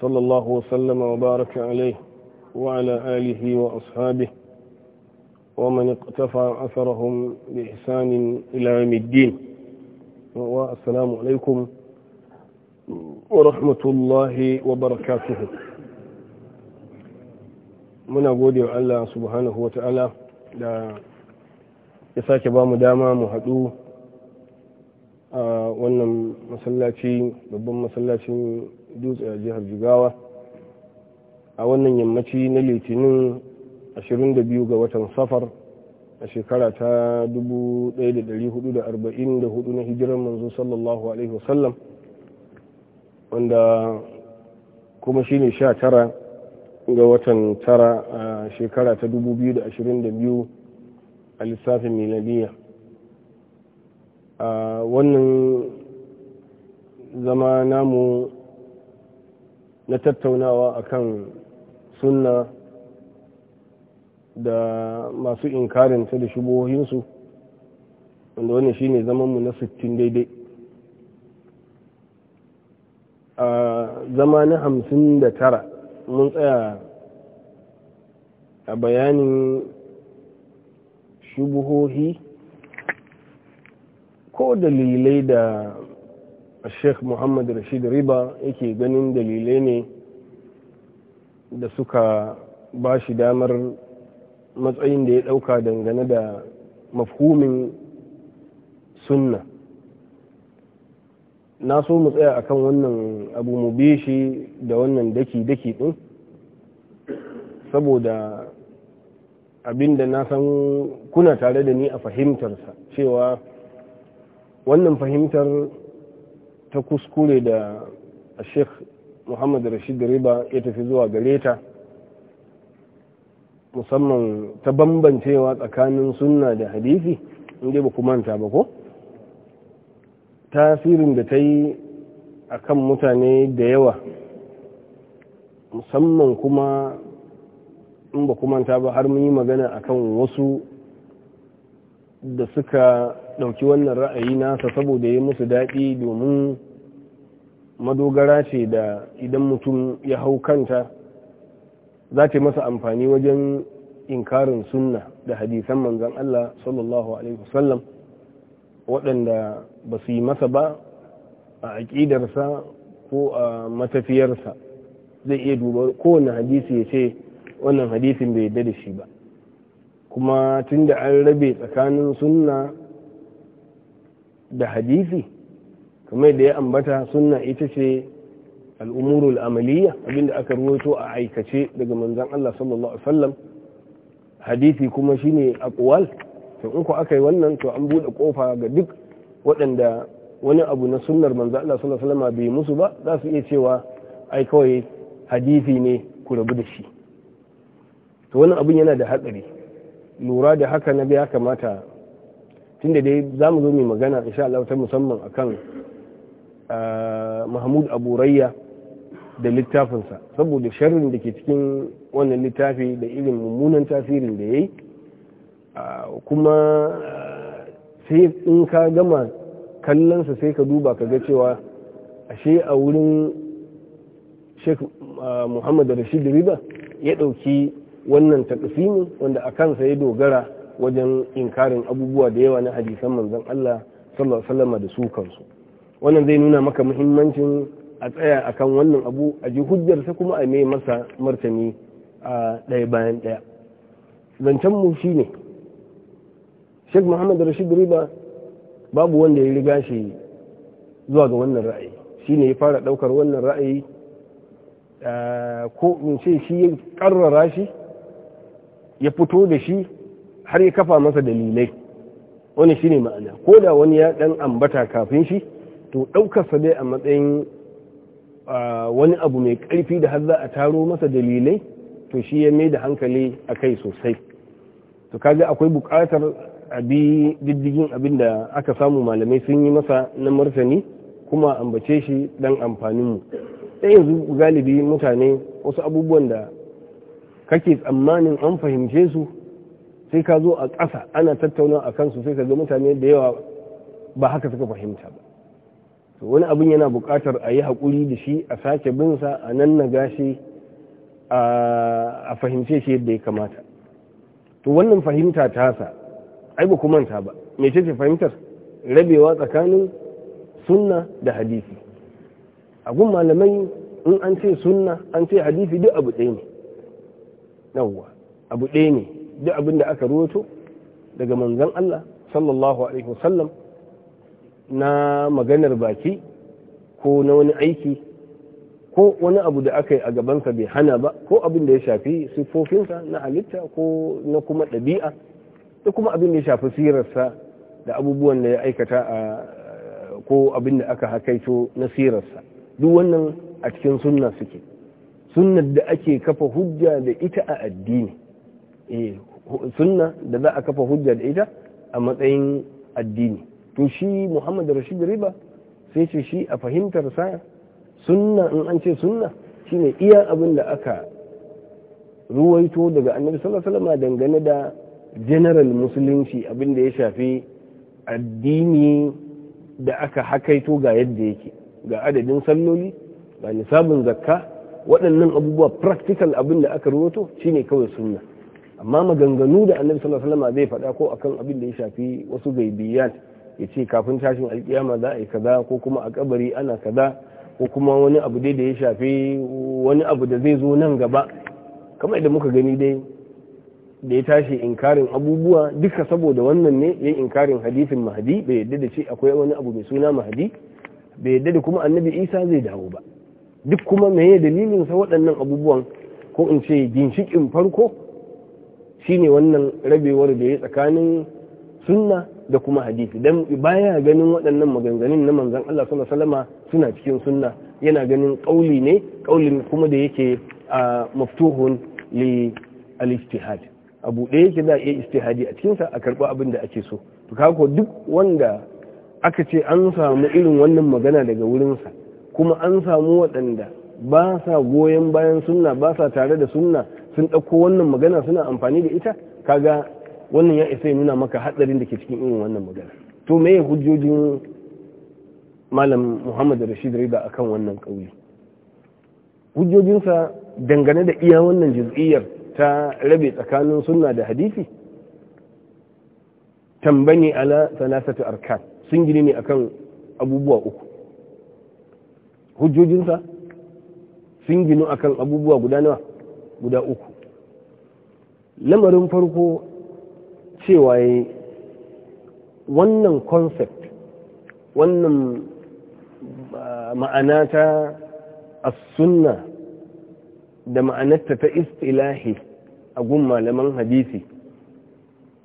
صلى الله وسلم وبارك عليه وعلى آله وأصحابه ومن اقتفى أثرهم بإحسان إلى يوم الدين والسلام عليكم ورحمة الله وبركاته من أقول الله سبحانه وتعالى لا يساك بام داما مهدو a wannan masallaci babban masallacin dutse a jihar jigawa a wannan yammaci na litinin 22 ga watan safar a shekara ta 1444 na hijirar manzo sallallahu alaihi wasallam wanda kuma shine 19 ga watan tara a shekara ta 2022 a lissafin miladiya a wannan zama namu na tattaunawa akan sunna da masu inkarinta da shubohinsu wanda shi shine zamanmu na 60 daidai a zama na tara mun tsaya a bayanin shubuhohi ko dalilai da sheikh muhammad rashid riba yake ganin dalilai ne da suka ba shi damar matsayin da ya ɗauka dangane da mafhumin sunna na so mu tsaya akan wannan abu mu bi shi da wannan daki-daki ɗin saboda abin da na san kuna tare da ni a fahimtarsa cewa wannan fahimtar ta kuskure da sheikh muhammad rashid riba ya tafi zuwa gare ta musamman ta bambancewa tsakanin sunna da hadisi inda ba ku manta ba ko tasirin da ta yi a kan mutane da yawa musamman kuma in ba ku manta ba har mun yi magana kan wasu da suka ɗauki wannan ra'ayi nasa saboda ya musu daɗi domin madogara ce da idan mutum ya hau kanta za ta masa amfani wajen inkarin sunna da hadisan manzan Allah sallallahu alaihi wasallam waɗanda ba su yi masa ba a aƙidarsa ko a matafiyarsa zai iya duba kowane hadisi ya ce wannan hadisin bai yadda da shi ba kuma tun da an rabe tsakanin sunna da hadisi kamar da ya ambata sunna ita ce al'umurul amaliya abinda aka ruwaito a aikace daga manzan Allah sallallahu alaihi wasallam hadisi kuma shine aqwal to in ku aka yi wannan to an bude kofa ga duk waɗanda wani abu na sunnar manzan Allah sallallahu alaihi wasallam bai musu ba za su iya cewa ai kawai hadisi ne ku rabu da shi to wani abin yana da hatsari lura da haka na biya kamata tun da dai za mu zo mai magana insha Allah ta musamman a kan ah, Mahmud Abu Rayya da littafinsa saboda sharrin da ke cikin wannan littafi da irin mummunan tasirin da ya yi ah, kuma ah, sai in ka gama kallonsa sai ka duba ka ga cewa ashe a wurin sheikh muhammad rashid riba ya ɗauki wannan takasimin wanda a kansa ya dogara wajen inkarin abubuwa da yawa na hadisan manzon Allah sallallahu alaihi wasallam da su kansu wannan zai nuna maka muhimmancin a tsaya akan wannan abu a ji hujjar hujjarsa kuma a mai masa martani a ɗaya bayan ɗaya zancen mu shine Sheikh Muhammad Rashid Riba babu wanda ya riga shi zuwa ga wannan ra'ayi shine ya fara ɗaukar wannan ra'ayi ko in ce shi ya karrara shi ya fito da shi har ya kafa masa dalilai wani shine ma'ana ko da wani ya dan ambata kafin shi to ɗaukarsa dai a matsayin wani abu mai ƙarfi da har za a taro masa dalilai to shi ya mai da hankali a kai sosai to kaga akwai buƙatar abi diddigin abin da aka samu malamai sun yi masa na martani kuma ambace shi dan amfanin mu sai yanzu galibi mutane wasu abubuwan da kake tsammanin an fahimce su sai ka zo a ƙasa ana tattauna a kansu sai ka zo mutane da yawa ba haka suka fahimta ba wani abin yana buƙatar a yi haƙuri da shi a sake binsa a nan na gashi a fahimce shi yadda ya kamata to wannan fahimta ta tasa ai ba manta ba me ce ce fahimtar rabewa tsakanin sunna da hadisi gun malamai in an ce sunna an ce hadisi duk abu ɗaya ne abu ɗaya ne duk abin da aka ruwato daga manzon Allah sallallahu alaihi wasallam na maganar baki ko na wani aiki ko wani abu da aka yi a gabansa bai hana ba ko abin da ya shafi siffofinsa na halitta ko na kuma ɗabi'a da kuma abin da ya shafi sirarsa da abubuwan da ya aikata a ko abin da aka hakaito na sirarsa duk wannan a cikin sunna suke sunnar da ake kafa hujja da ita a addini eh, sunna da za a kafa hujja da ita a matsayin addini to shi muhammad rashid riba sai ce shi a fahimtar sa sunna in an ce sunna shine iya abin da aka ruwaito daga annabi sallallahu alaihi wasallam dangane da general musulunci abin da ya shafi addini da aka hakaito ga yadda yake ga adadin salloli ga nisabun zakka waɗannan abubuwa practical abin da aka ruwato shine kawai sunna amma maganganu da annabi sallallahu alaihi wasallam zai faɗa ko akan abin da ya shafi wasu gaibiyat ya ce kafin tashin alkiyama za a yi kaza ko kuma a kabari ana kaza ko kuma wani abu dai da ya shafi wani abu da zai zo nan gaba kamar yadda muka gani dai da ya tashi inkarin abubuwa duka saboda wannan ne ya inkarin hadisin mahadi bai yadda da ce akwai wani abu mai suna mahadi bai yadda da kuma annabi isa zai dawo ba duk kuma meye dalilin sa waɗannan abubuwan ko in ce ginshikin farko shine wannan rabewar da ya tsakanin sunna da kuma hadisi dan baya ganin waɗannan maganganun na manzon Allah sallallahu alaihi suna cikin sunna yana ganin ƙauli ne ƙaulin kuma da yake maftuhun li al-ijtihad abu da yake za a iya istihadi a cikinsa a karɓi abin da ake so to kako duk wanda aka ce an samu irin wannan magana daga wurinsa kuma an samu waɗanda ba sa goyon bayan sunna ba sa tare da sunna sun ɗauko wannan magana suna amfani da ita kaga wannan ya isa ya nuna maka hatsarin da ke cikin irin wannan magana to me ya hujjojin malam muhammad rashid rida kan wannan ƙauye? hujjojinsa dangane da iya wannan juz'iyyar ta rabe tsakanin sunna da hadisi tambani ala salasatu arkan sun gini ne akan abubuwa uku hujjojinsa sun ginu akan abubuwa guda nawa guda uku lamarin farko cewa wannan concept wannan ma'ana ta as-sunna da ma'anarta ta istilahi a gun malaman hadisi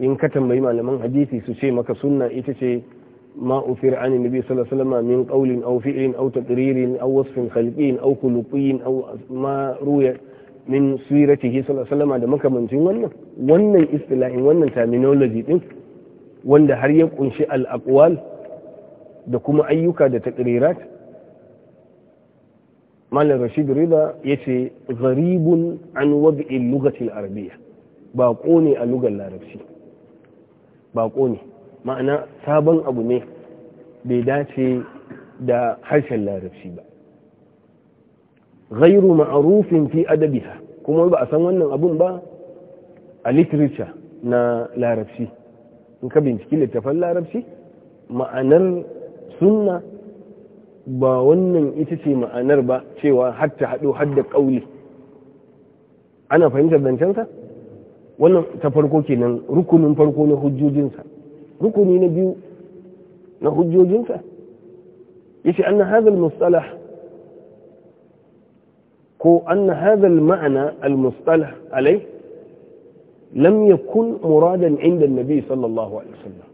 in ka tambayi malaman hadisi su ce maka sunna ita ce ma ufir an nabi sallallahu alaihi wasallam min qawlin aw fi'lin aw taqririn aw wasfin khalqin aw aw ma ruya min siratihi sallallahu alaihi da makamancin wannan wannan istilahin wannan terminology din wanda har ya kunshi al-aqwal da kuma ayyuka da taqrirat malam rashid rida yace gharibun an wad'i lughati al-arabiyya ne a lugar larabci baqo ne ma'ana sabon abu ne bai dace da harshen larabci ba ghairu ma'arufin fi adabiha kuma ba a san wannan abun ba a literature na larabci in ka binciki littafan larabci ma'anar sunna ba wannan ita ce ma'anar ba cewa hatta har hadda ƙauli ana fahimtar zancensa wannan ta farko kenan rukunin farko na hujjojinsa rukuni na biyu na hujjojinsa yace anna hadha al-mustalah هو أن هذا المعنى المصطلح عليه لم يكن مرادا عند النبي صلى الله عليه وسلم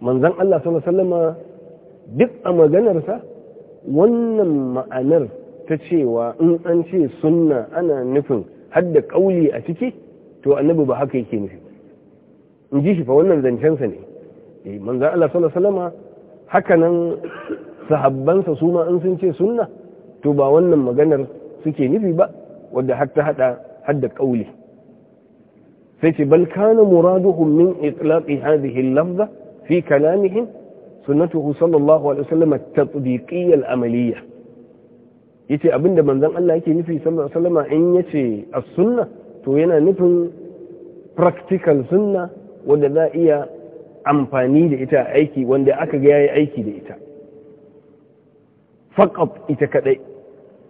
من ذن الله صلى الله عليه وسلم duk a maganarsa wannan ma'anar ta cewa in an ce sunna ana nufin hadda ƙauli a ciki to annabi ba haka yake nufi in ji shi fa wannan zancensa ne manzan Allah sallallahu alaihi wasallama haka nan sahabbansa su ma in sun ce sunna to ba wannan maganar suke nufi ba wadda har ta hada hadda kauli sai ce bal kana muraduhum min itlaqi hadhihi al-lafza fi kalamihim sunnatuhu sallallahu alaihi wasallam at-tatbiqiyya al-amaliyya yace abinda manzon Allah yake nufi sallallahu alaihi wasallam in yace as-sunna to yana nufin practical sunna wadda za iya amfani da ita aiki wanda aka ga yayi aiki da ita faqat ita kadai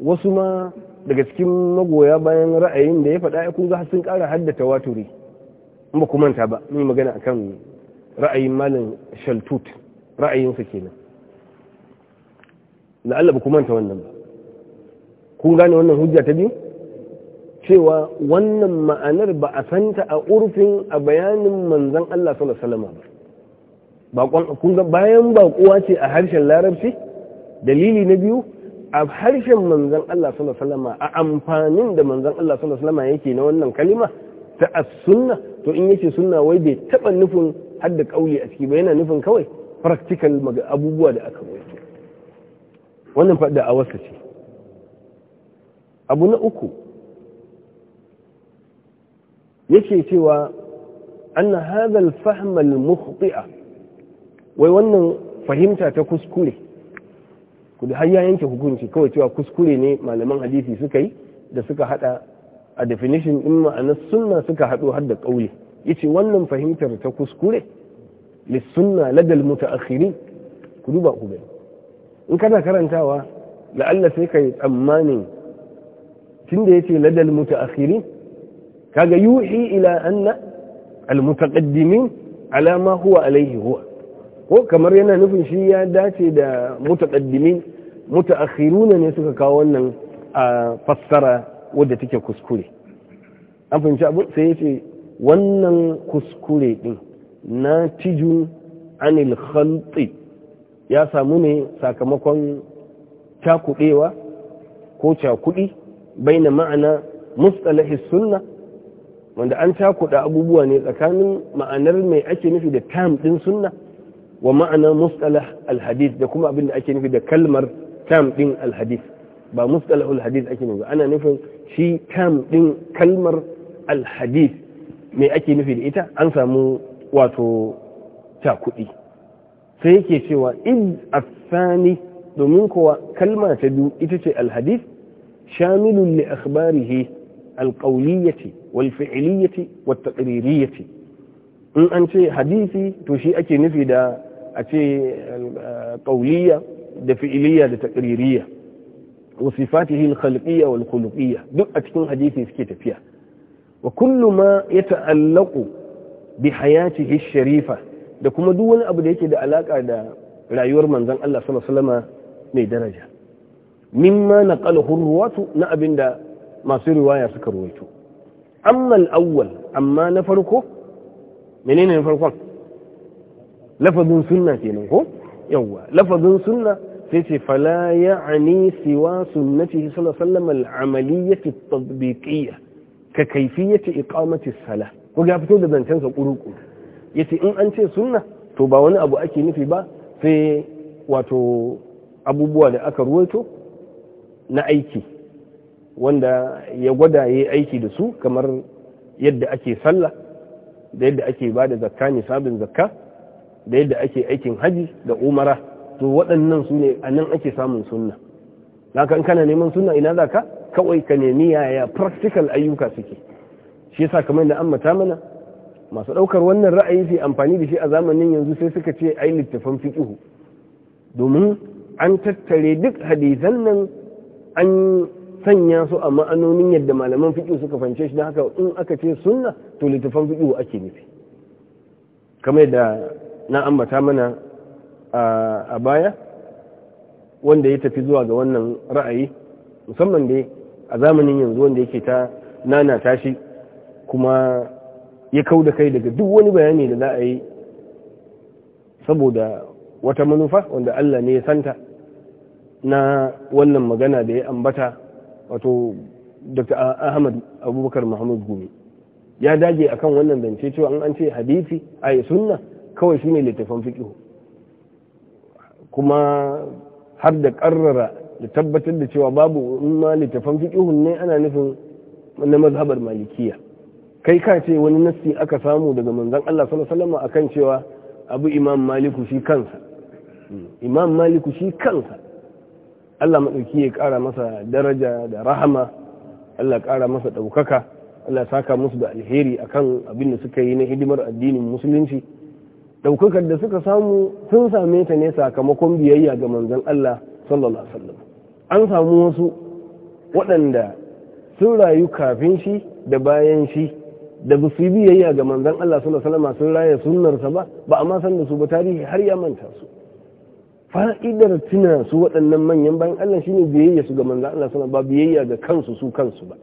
wasu ma daga cikin magoya bayan ra'ayin da ya faɗa ya kun za sun ƙara haddata waturi in ba ku manta ba mun magana akan ra'ayin malam shaltut ra'ayinsa kenan Allah ba ku manta wannan ba kun gane wannan hujja ta biyu cewa wannan ma'anar ba a santa a urfin a bayanin manzan Allah sallallahu alaihi wasallam ba bayan bakuwa ce a harshen larabci dalili na biyu a harshen Manzan Allah sallallahu a amfanin da Manzan Allah sallallahu yake na wannan kalima ta as-sunna to in yace sunna wai bai taba nufin hadda kauye a ciki ba yana nufin kawai practical abubuwa da aka wato wannan fadda a wasa ce abu na uku yake cewa anna hadha al-fahm al-mukhti'a wai wannan fahimta ta kuskure kudu har ya yanke hukunci kawai cewa kuskure ne malaman hadisi suka yi da suka hada a definition in ma'anar sunna suka hado har da kauli yace wannan fahimtar ta kuskure sunna ladal mutaakhirin ku duba ku gani in kana karantawa la'alla sai kai tsammanin tunda yace ladal mutaakhirin kaga yuhi ila anna mutaqaddimin ala ma huwa alayhi huwa ko kamar yana nufin shi ya dace da mutaqaddimin mutaakhiruna ne suka kawo wannan a fassara wadda take kuskure an fahimci abu sai yace wannan kuskure din na tiju anil khalti ya samu ne sakamakon cakuɗewa ko bai baina ma'ana mustalahi sunna wanda an cakuɗa abubuwa ne tsakanin ma'anar mai ake nufi da tam ɗin sunna wa ma'ana mustalah alhadith da kuma abin da ake nufi da kalmar tam din alhadith ba mustalahul hadith ake nufi ana nufin shi tam din kalmar alhadith me ake nufi da ita an samu wato ta kuɗi sai yake cewa id asani domin kuwa kalma ta biyu ita ce alhadith shamilun li akhbarihi alqawliyati wal fi'liyati wat in an ce hadisi to shi ake nufi da a ce qawliya da fi'iliya da taqririyya wa sifatihi al-khalqiyya wal khuluqiyya duk a cikin hadisi suke tafiya wa kullu ma yata'allaqu bi hayatihi sharifa da kuma duk wani abu da yake da alaka da rayuwar manzon Allah sallallahu alaihi wasallam mai daraja mimma naqalahu ruwatu na abinda masu riwaya suka ruwaito amma al amma na farko menene na farkon lafazin sunna kenan ko yawwa lafazin sunna sai ce fala ya'ani siwa sunnatihi sallallahu alaihi wasallam al ya tatbiqiyya ka kayfiyyati iqamati salah ko ga fito da zancen sa kuruku yace in an ce sunna to ba wani abu ake nufi ba sai wato abubuwa da aka ruwaito na aiki wanda ya gwada ya yi aiki da su kamar yadda ake sallah da yadda ake bada zakka ne sabin zakka da yadda ake aikin haji da umara to waɗannan su ne a nan ake samun sunna na kan kana neman sunna ina za ka kawai ka nemi yaya practical ayyuka suke shi yasa kamar da an mata mana masu ɗaukar wannan ra'ayi su amfani da shi a zamanin yanzu sai suka ce ai littafan fiqihu domin an tattare duk hadisan nan an sanya su a ma'anonin yadda malaman fiqihu suka fance shi don haka in aka ce sunna to littafan fiqihu ake nufi kamar da na ambata mana a baya wanda ya tafi zuwa ga wannan ra'ayi musamman dai a zamanin yanzu wanda yake ta nana tashi kuma ya kau da kai daga duk wani bayani da za a yi saboda wata manufa wanda Allah ne ya santa na wannan magana da ya ambata wato dr ahmad abubakar muhammad gumi ya dage akan wannan zance cewa an ce hadisi a sunna kawai shi ne littafan fiƙi kuma har da ƙarrara da tabbatar da cewa babu ma littafan fiƙi ne ana nufin na mazhabar malikiya kai ka ce wani nassi aka samu daga manzan Allah sallallahu alaihi akan cewa abu imam maliku shi kansa imam maliku shi kansa Allah maɗauki ya ƙara masa daraja da rahama Allah ƙara masa ɗaukaka Allah saka musu da alheri akan abin da suka yi na hidimar addinin musulunci ɗaukakar da suka samu sun same ta ne sakamakon biyayya ga manzon Allah sallallahu alaihi wasallam an samu wasu waɗanda sun rayu kafin shi da bayan shi da ba su biyayya ga manzon Allah sallallahu alaihi wasallam sun raya sunnarsa ba ba a ma da su ba tarihi har ya manta su fa'idar tuna su waɗannan manyan bayan Allah shine biyayya su ga manzon Allah sallallahu ba biyayya ga kansu su kansu ba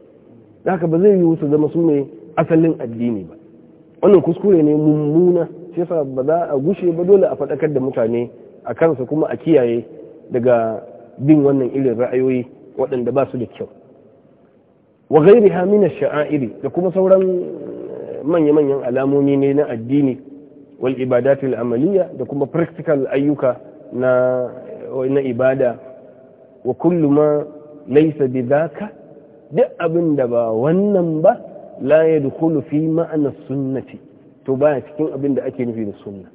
haka ba zai yiwu su zama su ne asalin addini ba wannan kuskure ne mummuna shi yasa ba za a gushe ba dole a faɗakar da mutane a kansa kuma a kiyaye daga bin wannan irin ra'ayoyi waɗanda ba su da kyau wa gairi hamina shaairi da kuma sauran eh, manya-manyan alamomi ne na addini wal ibadatul amaliya da kuma practical ayyuka eh, na ibada wa kullu ma laysa bidhaka duk abin ba wannan ba la yadkhulu fi ma'na sunnati to baya cikin abin da ake nufi da sunna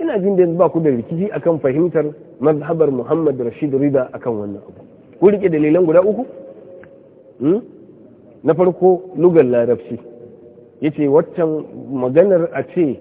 ina jin da ba ku da rikici akan fahimtar mazhabar Muhammad Rashid Rida akan wannan abu ku rike dalilan guda uku hmm? na farko lugar larabci yace waccan maganar a ce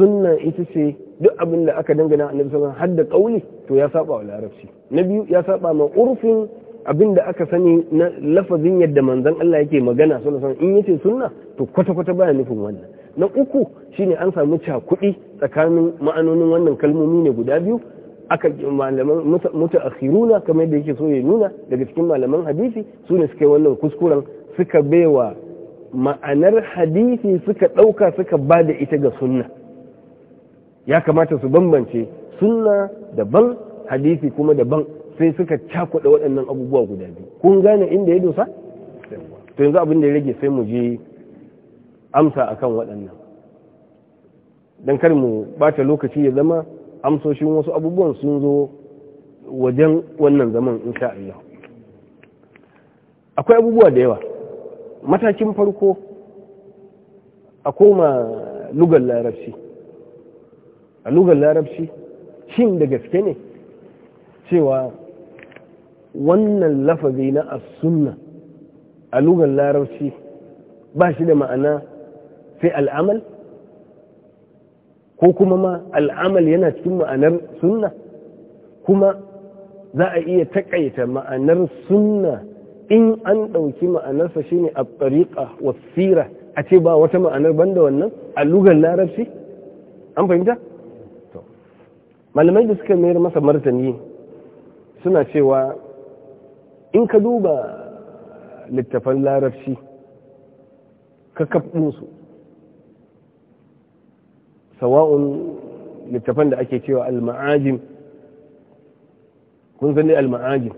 sunna ita ce duk abin da aka dangana a nufin har da kauli to ya saba wa larabci na biyu ya saba ma urfin abin da aka sani na lafazin yadda manzon Allah yake magana sallallahu alaihi in yace sunna to kwata kwata baya nufin wannan na uku shine an samu cakuɗi tsakanin ma'anonin wannan kalmomi ne guda biyu aka malaman muta akhiruna kamar yadda yake so ya nuna daga cikin malaman hadisi su ne suka wannan kuskuren suka baiwa ma'anar hadisi suka ɗauka suka ba da ita ga sunna ya kamata su bambance sunna daban hadisi kuma daban sai suka cakuɗa waɗannan abubuwa guda biyu kun gane inda ya dosa to yanzu abin da ya rage sai mu je amsa a kan waɗannan don kar mu bata lokaci ya zama amsoshin wasu abubuwan sun zo wajen wannan zaman sha Allah akwai abubuwa da yawa matakin farko a koma lugar larabci a lugar larabci shin da gaske ne cewa wannan lafazi na as-sunna a lugar larabci ba shi da ma'ana sai al'amal ko kuma ma al'amal yana cikin ma'anar sunna kuma za a iya taƙaita ma'anar sunna in an ɗauki ma'anarsa shine a tsariƙa wasira a ce ba wata ma'anar banda wannan a lugar larabci an fahimta? malamai da suka mayar masa martani suna cewa in ka duba littafan larabci ka kaɓinsu sawa'un littafan da ake cewa al-ma'ajim kun san dai al-ma'ajim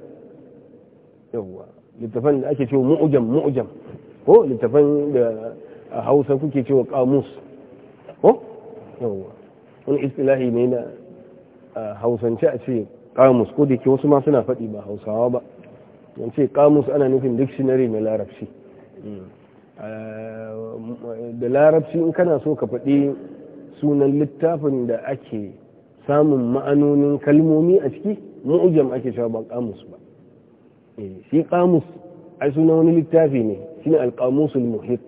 yawwa littafan da ake cewa mu'jam mu'jam ko littafan da a Hausa kuke cewa kamus ko yawwa wani istilahi ne na hausance a ce kamus ko da ke wasu ma suna faɗi ba hausawa ba ce kamus ana nufin dictionary na larabci hmm. da larabci in kana so ka faɗi sunan littafin da ake samun ma'anonin kalmomi a ciki mu'jam ake cewa ba kamus ba eh, shi kamus ai sunan wani littafi ne shine alqamusul muhit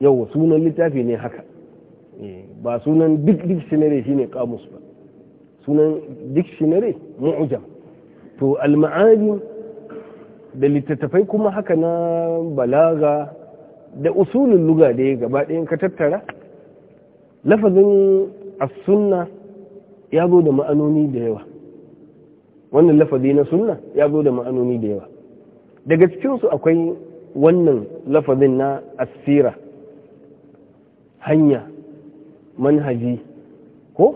yawa sunan littafi ne haka eh, ba sunan duk dictionary shine kamus ba sunan dictionary mu'ujam to al-ma'ani da littattafai kuma haka na balaga da usulin luga da ya gaba ɗayan ka tattara lafazin as-sunna ya zo da ma'anoni da yawa wannan lafazi na sunna ya zo da ma'anoni da yawa daga cikinsu akwai wannan lafazin na asira hanya manhaji ko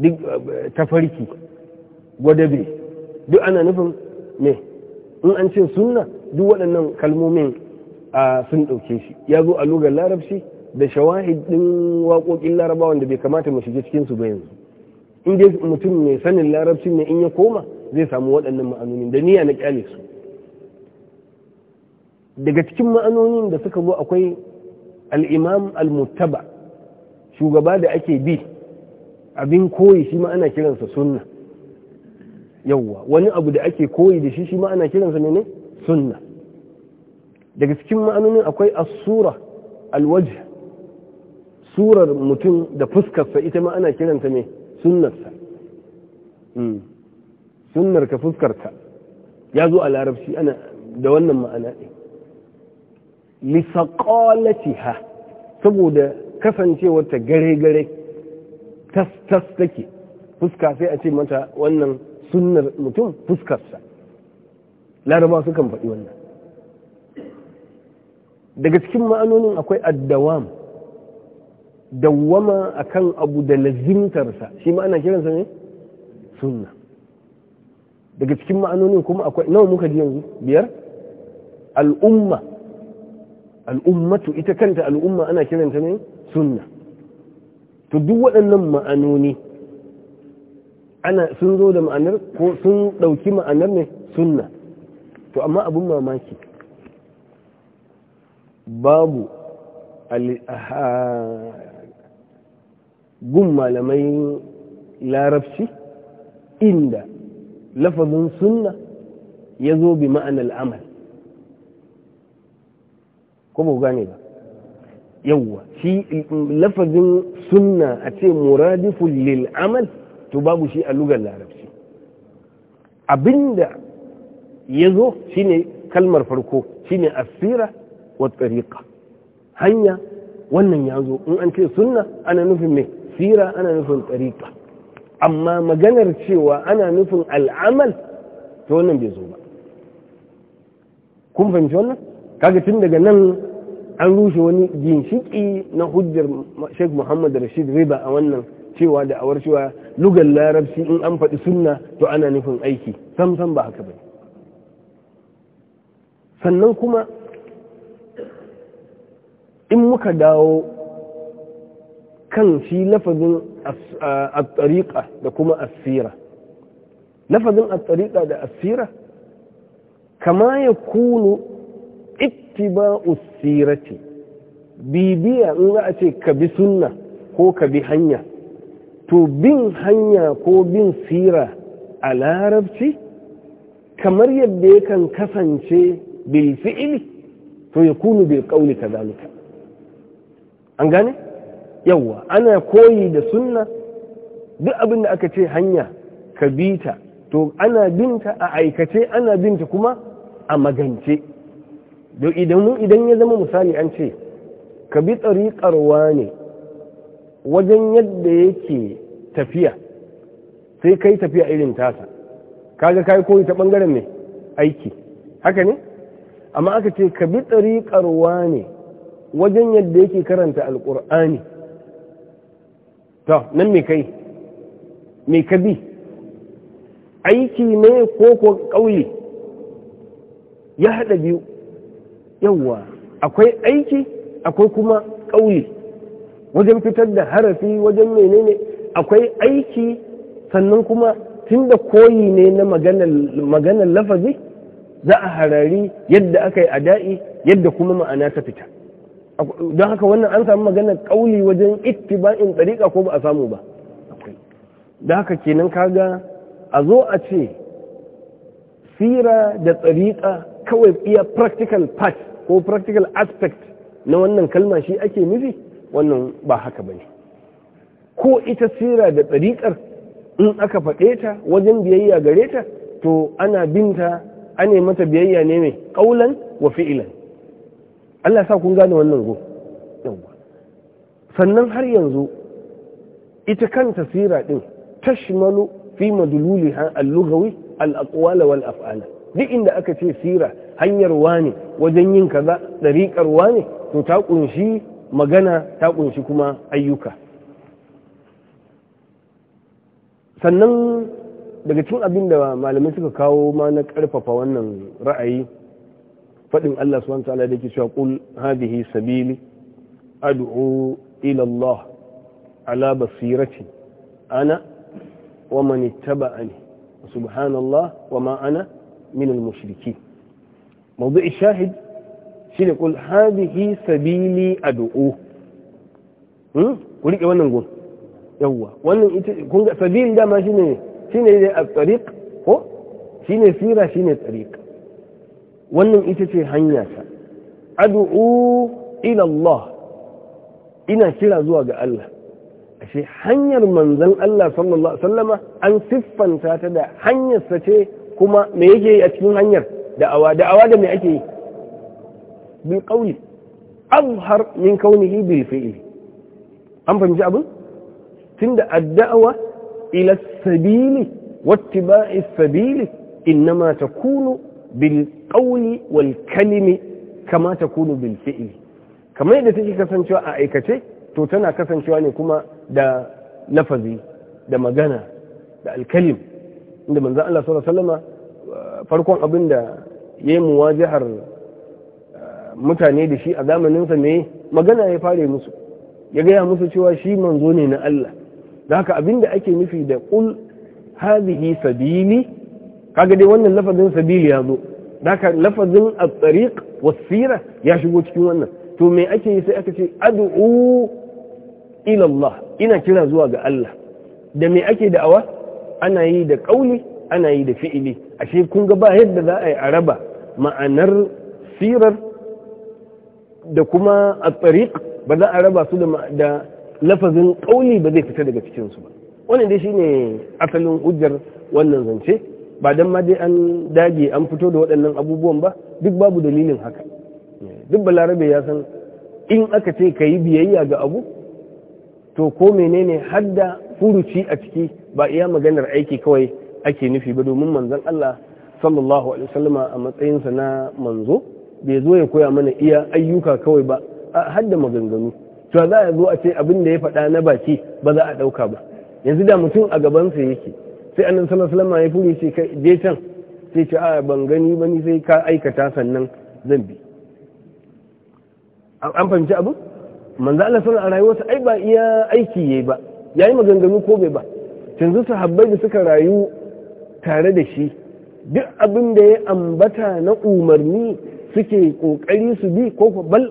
duk eh, tafarki gwadabe duk ana nufin ne in an ce sunna duk waɗannan kalmomin ah, sun ɗauke shi ya zo a lugar larabci da shawahid din waƙoƙin laraba da bai kamata mu shiga cikin su ba yanzu in dai mutum mai sanin larabcin ne in ya koma zai samu waɗannan ma'anonin da niyya na kyale su daga cikin ma'anonin da suka zo akwai al-imam al-muttaba shugaba da ake bi abin koyi shi ma ana kiransa sunna yawwa wani abu da ake koyi da shi shi ma ana kiransa ne sunna daga cikin ma'anonin akwai as-sura al-wajh surar mutum da fuskarsa ita ma ana kiranta mai sunnarsa hmm. sunnar ka fuskarta ya zo a larabci ana da wannan ma'ana ɗin ha saboda kasancewar ta gare-gare tas-tas take fuska sai a ce mata wannan sunnar mutum fuskarsa laraba sukan faɗi wannan daga cikin ma'anonin akwai addawam dawwama akan abu da lazimtarsa shi ma ana kiransa ne sunna daga cikin ma'anonin kuma akwai nawa muka ji yanzu biyar al'umma al'ummatu ita kanta al'umma ana kiranta ne sunna to duk waɗannan ma'anoni ana sun zo da ma'anar ko sun ɗauki ma'anar ne sunna to amma abin mamaki babu ah, gun malamai larabci inda lafazin sunna ya zo bi ma'anar amal ko ba gane ba yawwa shi lafazin sunna a ce muradiful lil amal to babu shi a lugar larabci abinda ya zo shine kalmar farko shine asira wa tsariƙa hanya wannan ya zo in an ce sunna ana nufin mai sira ana nufin tariqa amma maganar cewa ana nufin al'amal to wannan bai zo ba kun fahimci wannan kaga tun daga nan an rushe wani ginshiki na hujjar Sheikh Muhammad Rashid Riba a wannan cewa da awar cewa lugar larabci in an faɗi sunna to ana nufin aiki sam sam ba haka ba sannan kuma in muka dawo kan shi lafazin at-tariqa da kuma asira lafazin at-tariqa da asira kama ya kunu ittiba'u sirati bibiya in za a ce ka bi sunna ko ka bi hanya to bin hanya ko bin sira a larabci kamar yadda yakan kasance bil fi'ili to ya kunu bil kauli kazalika an gane yawwa ana koyi da sunna duk abin da aka ce hanya ka bi ta to ana binta a aikace ana binta kuma a magance don idan ya zama misali an ce ka bi tsariƙar ne wajen yadda yake tafiya sai kai tafiya irin tasa kaga kai koyi ta bangaren ne aiki haka ne amma aka ce ka bi tsariƙar ne wajen yadda yake karanta alƙur'ani to nan me kai me ka bi aiki ne ko ko kauye ya haɗa biyu yawwa akwai aiki akwai kuma kauye wajen fitar da harafi wajen menene akwai aiki sannan kuma tun koyi ne na maganar lafazi za a harari yadda aka yi a ada'i yadda kuma ma'ana ta fita don haka wannan an samu magana kauli wajen ittiba'in tariqa ko ba a samu ba da haka kenan kaga a zo a ce sira da tsariƙa kawai iya practical part ko practical aspect na wannan kalma shi ake nufi wannan ba haka ba ne. ko ita sira da tsariƙar in aka faɗe ta wajen biyayya gare ta to ana binta ane mata biyayya ne mai ƙaulan wa fi'ilan Allah sa kun gane wannan go sannan har yanzu ita kanta sira din tashmalu fi ha al-lughawi al aqwala wal af'ala duk inda aka ce sira hanyar wane wajen yin kaza dariƙar wane to ta kunshi magana ta kunshi kuma ayyuka sannan daga cikin abin da malamai suka kawo ma na karfafa wannan ra'ayi fadin Allah subhanahu ta'ala da yake cewa qul hadhihi sabili ad'u ila Allah ala basirati ana wa man ittaba'ani subhanallah wa ma ana min al-mushrikeen mawdu'i shahid shine qul hadhihi sabili ad'u dama shine shine dai wannan ita ce hanyata ad'u ila Allah ina kira zuwa ga Allah ashe hanyar manzon Allah sallallahu alaihi wasallama an siffanta ta da hanyarsa ce kuma me yake yi a cikin hanyar Da awa da me ake yi bil qawli azhar min kaunihi bil fi'li an fahimci abin tunda ad-da'wa ila as-sabili wattiba'is sabili innama takunu bilƙauli walkalimi kalimi kama ta kunu bil kamar yadda take kasancewa a aikace to tana kasancewa ne kuma da lafazi da magana da alkalim inda manzan Allah sallallahu uh, farkon abin da ya yi uh, mutane da shi a zamaninsa ne magana ya fare musu ya gaya musu cewa shi manzo ne na Allah da haka abin da ake nufi da kul hadhihi sabili kaga dai wannan lafazin sabili ya zo daga lafazin at-tariq was ya shigo cikin wannan to me ake yi sai aka ce ad'u ila Allah ina kira zuwa ga Allah da me ake da'awa ana yi da kauli ana yi da fi'ili ashe kun ga ba yadda za a yi araba ma'anar sirar da kuma at-tariq ba za a raba su da lafazin kauli ba zai fita daga cikin su ba wannan dai shine asalin hujjar wannan zance ba don ma dai an dage an fito da waɗannan abubuwan ba duk babu dalilin haka duk balarabe ya san in aka ce ka yi biyayya ga abu to ko menene hadda furuci a ciki ba iya maganar aiki kawai ake nufi ba domin manzon Allah sallallahu alaihi wasallama a matsayinsa na manzo bai zo ya koya mana iya ayyuka kawai ba a hadda maganganu to za a zo a ce abin da ya faɗa na baki ba za a ɗauka ba yanzu da mutum a gabansa yake sai annan salama ya fi ce kai je can sai ce a ban gani ba ni sai ka aikata sannan zan bi an fahimci abu manzo Allah sallallahu alaihi wasallam ai ba iya aiki yayi ba yayi maganganu ko bai ba yanzu sahabbai da suka rayu tare da shi duk abin da ya ambata na umarni suke kokari su bi ko bal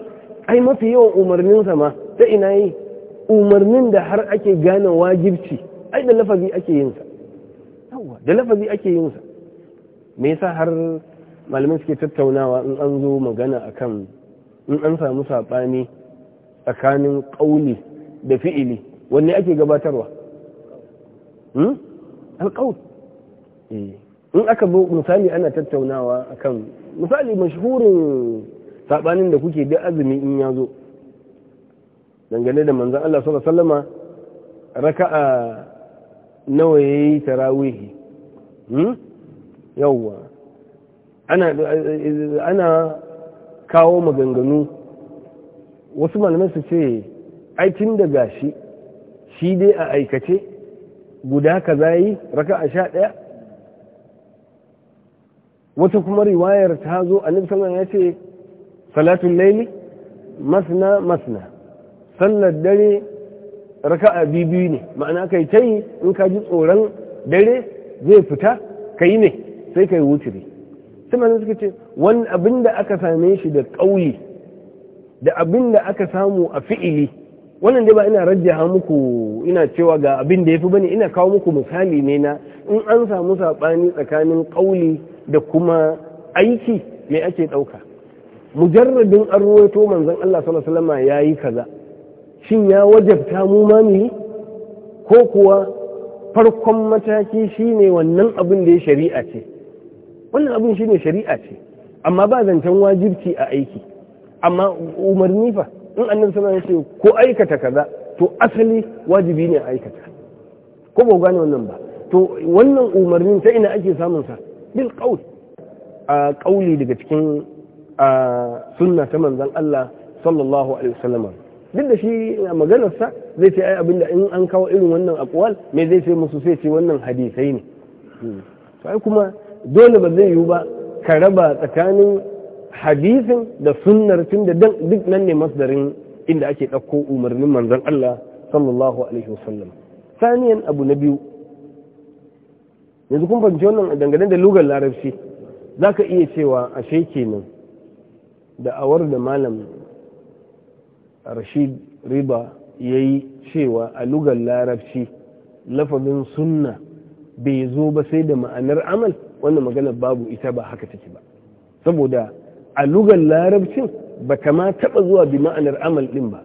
ai mafi yawan umarninsa ma ta ina yi umarnin da har ake gane wajibci ai da lafazi ake yinsa da lafazi ake yin sa me yasa har malamin suke tattaunawa in an zo magana akan in an samu saɓani tsakanin ƙauli da fi'ili wanne ake gabatarwa hmm? alƙaul eh. in aka zo misali ana tattaunawa akan misali mashhurin sabanin da kuke da azumi in ya zo dangane da manzon Allah sallallahu alaihi wasallama raka'a nawa yayi tarawihi Hmm? yawwa ana kawo maganganu wasu malamai su ce aikin da gashi shi dai a aikace guda ka zayi raka a sha ɗaya wata kuma riwayar ta zo a nufin ya ce salatun laili masna masna sallar dare raka a bibi ne ma'ana kai ta yi in ka ji tsoron dare zai fita ka yi ne sai ka yi wuturi sai suka ce wani abin da aka same shi da ƙauye da abin da aka samu a fi'ili wannan dai ba ina rajjaha muku ina cewa ga abin da ya fi bane ina kawo muku misali ne na in an samu saɓani tsakanin ƙauye da kuma aiki mai ake ɗauka mujarradin an ruwaito manzan Allah sallallahu alaihi ya yi kaza shin ya wajabta mu ma ko kuwa farkon mataki shine wannan abin da ya shari'a ce wannan abin shine shari'a ce amma ba zancen wajibci a aiki amma umarni fa in annabi sallallahu ce ko aikata kaza to asali wajibi ne a aikata ko ba gane wannan ba to wannan umarnin ta ina ake samun sa bil qaul a kauli daga cikin sunna ta manzon Allah sallallahu alaihi wasallam duk da shi maganarsa zai ce ai abinda in an kawo irin wannan akwal me zai ce musu sai ce wannan hadisai ne hmm. to ai kuma dole ba zai yiwu ba ka raba tsakanin hadisin da sunnar tun da duk nan ne masdarin inda ake ɗauko umarnin manzon Allah sallallahu alaihi wasallam saniyan abu na biyu yanzu kun fahimci wannan dangane da lugar larabci zaka iya cewa ashe kenan da awar da malam rashid riba ya yi cewa a lugar larabci lafazin sunna bai zo ba sai da ma'anar amal wannan magana babu ita ba haka take ba saboda a lugar larabcin ba ta ma taɓa zuwa bi ma'anar amal ɗin ba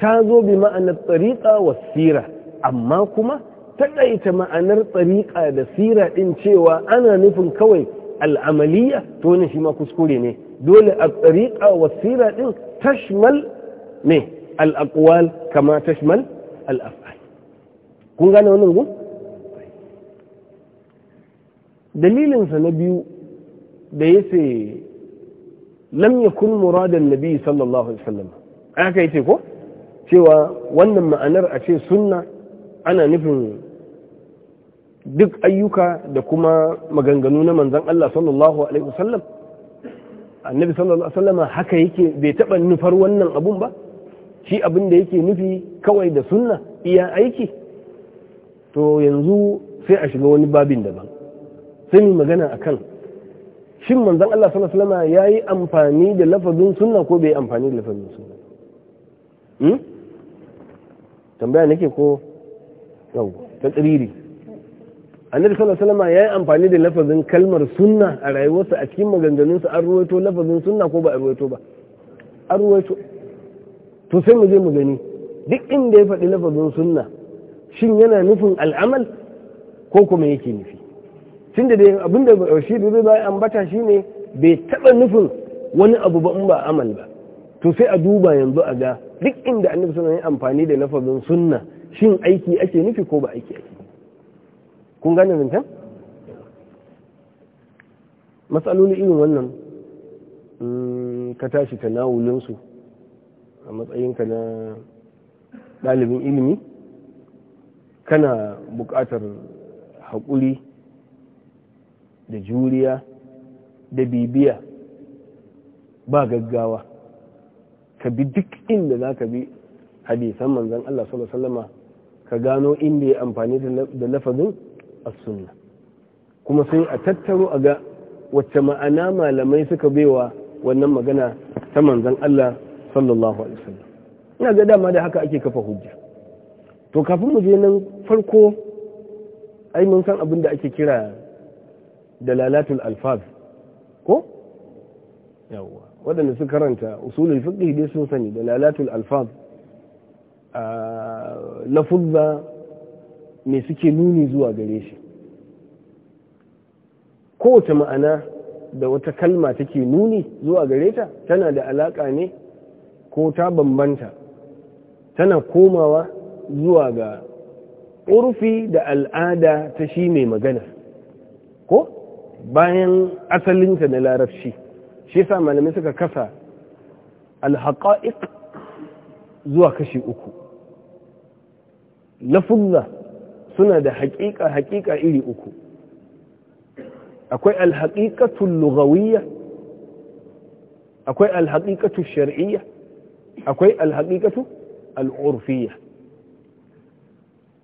ta zo bi ma'anar tsariƙa wa sira amma kuma taƙaita ma'anar tsariƙa da sira ɗin cewa ana nufin kawai al'amaliya to ne shi ma kuskure ne dole a tsariƙa wa sira ɗin tashmal ne al-aqwal kama tashmal al-af'al kun gane wannan gun Dalilinsa na biyu da ya yace lam yakun muradan nabi sallallahu alaihi wasallam aka ce ko cewa wannan ma'anar a ce sunna ana nufin duk ayyuka da kuma maganganu na manzan Allah sallallahu alaihi wasallam annabi sallallahu alaihi wasallam haka yake bai taɓa nufar wannan abun ba shi abin da yake nufi kawai da sunna iya aiki to yanzu sai a shiga wani babin daban sai mai magana akan shin manzan Allah sallallahu alaihi yi amfani da lafazin sunna ko bai amfani da lafazin sunna hmm? tambaya nake ko yau ta tsiriri annabi sallallahu alaihi wasallam yayi amfani da lafazin kalmar sunna a rayuwarsa a cikin maganganunsa an ruwaito lafazin sunna ko ba a ruwaito ba an ruwaito to sai mu je mu gani duk inda ya faɗi lafazin sunna shin yana nufin al'amal ko kuma yake nufi tun da dai da shi da zai ambata shi ne bai taɓa nufin wani abu ba in ba amal ba to sai a duba yanzu a ga duk inda annabi suna yin amfani da lafazin sunna shin aiki ake nufi ko ba aiki ake kun gane zancen matsaloli irin wannan mm, ka tashi tanawulinsu a matsayinka na ɗalibin ilimi kana buƙatar haƙuri da juriya da bibiya ba gaggawa ka bi duk inda za ka bi hadisan manzan Allah sallama ka gano inda ya amfani da lafazin as-sunna kuma sai a tattaro a ga wacce ma'ana malamai suka wa wannan magana ta manzan Allah sallallahu alaihi wasallam ina ga dama da haka ake kafa hujja to kafin mu je nan farko ai mun san abin da ake kira dalalatul alfaz ko yawa waɗanda su karanta usulul fiqh dai sun sani dalalatul alfaz a lafuzza me suke nuni zuwa gare shi kowace ma'ana da wata kalma take nuni zuwa gare ta tana da alaka ne ko ta bambanta tana komawa zuwa ga ƙurfi da al'ada ta shi mai magana ko bayan asalinta na larabci shi sa malamai suka kasa alhaƙa'iƙ zuwa kashi uku lafuzza suna da haƙiƙa haƙiƙa iri uku akwai alhaƙiƙatun lugawiyya akwai alhaƙiƙatun shar'iyya akwai alhaƙiƙatu al'urfiya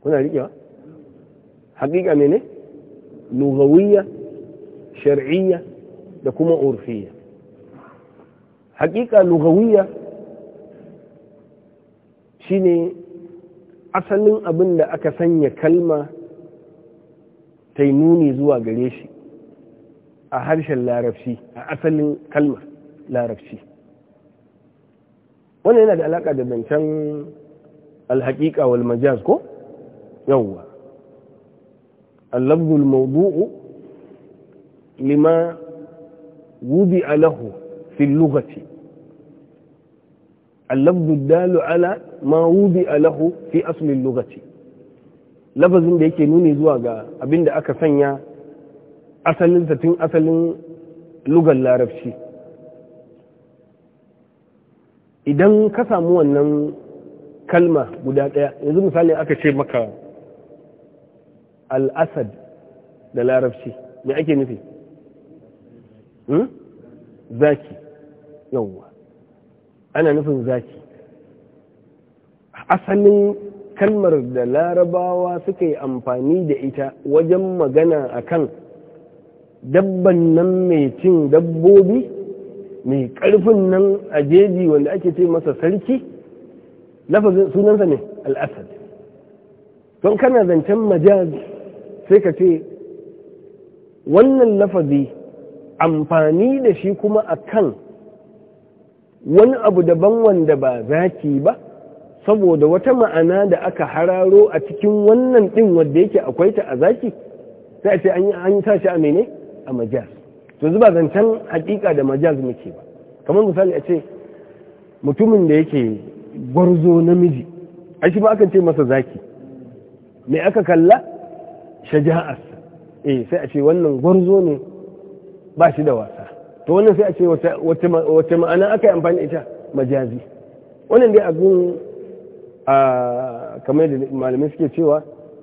kuna riƙewa haƙiƙa ne? lugawiyya shar'iyya da kuma urfiya haƙiƙa lugawiyya ne asalin abin da aka sanya kalma ta nuni zuwa gare shi a harshen larabci a asalin kalmar larabci wannan yana da alaka da zancen alhaƙiƙa wal majaz ko yawwa اللفظ الموضوع لما alahu fi في اللغة اللفظ الدال على ma وضع alahu fi أصل اللغة لفظ da yake nuni zuwa ga abin da aka sanya asalin tun asalin lugar larabci idan ka samu wannan kalma guda ɗaya yanzu misali aka ce maka al'asad da larabci me ake nufi hmm? zaki yawwa ana nufin zaki asalin kalmar da larabawa suka yi amfani da ita wajen magana akan dabban nan mai cin dabbobi mai ƙarfin nan a jeji wanda ake ce masa sarki lafazin sunansa ne al'asad don kana zancen majaz sai ka ce wannan lafazi amfani da shi kuma a kan wani abu daban wanda ba zaki ba saboda wata ma'ana da aka hararo a cikin wannan ɗin wadda yake akwai ta a zaki sai a ce an yi sa shi a mene a majaz to zuba zancen hakika da majaz muke ba kamar misali a ce mutumin da yake gwarzo namiji a shi ba akan ce masa zaki mai aka kalla shaja'ar eh sai a ce wannan gwarzo ne ba shi da wasa to wannan sai a ce wata ma'ana aka yi amfani ita majazi wannan dai abin a kamar da malamai suke cewa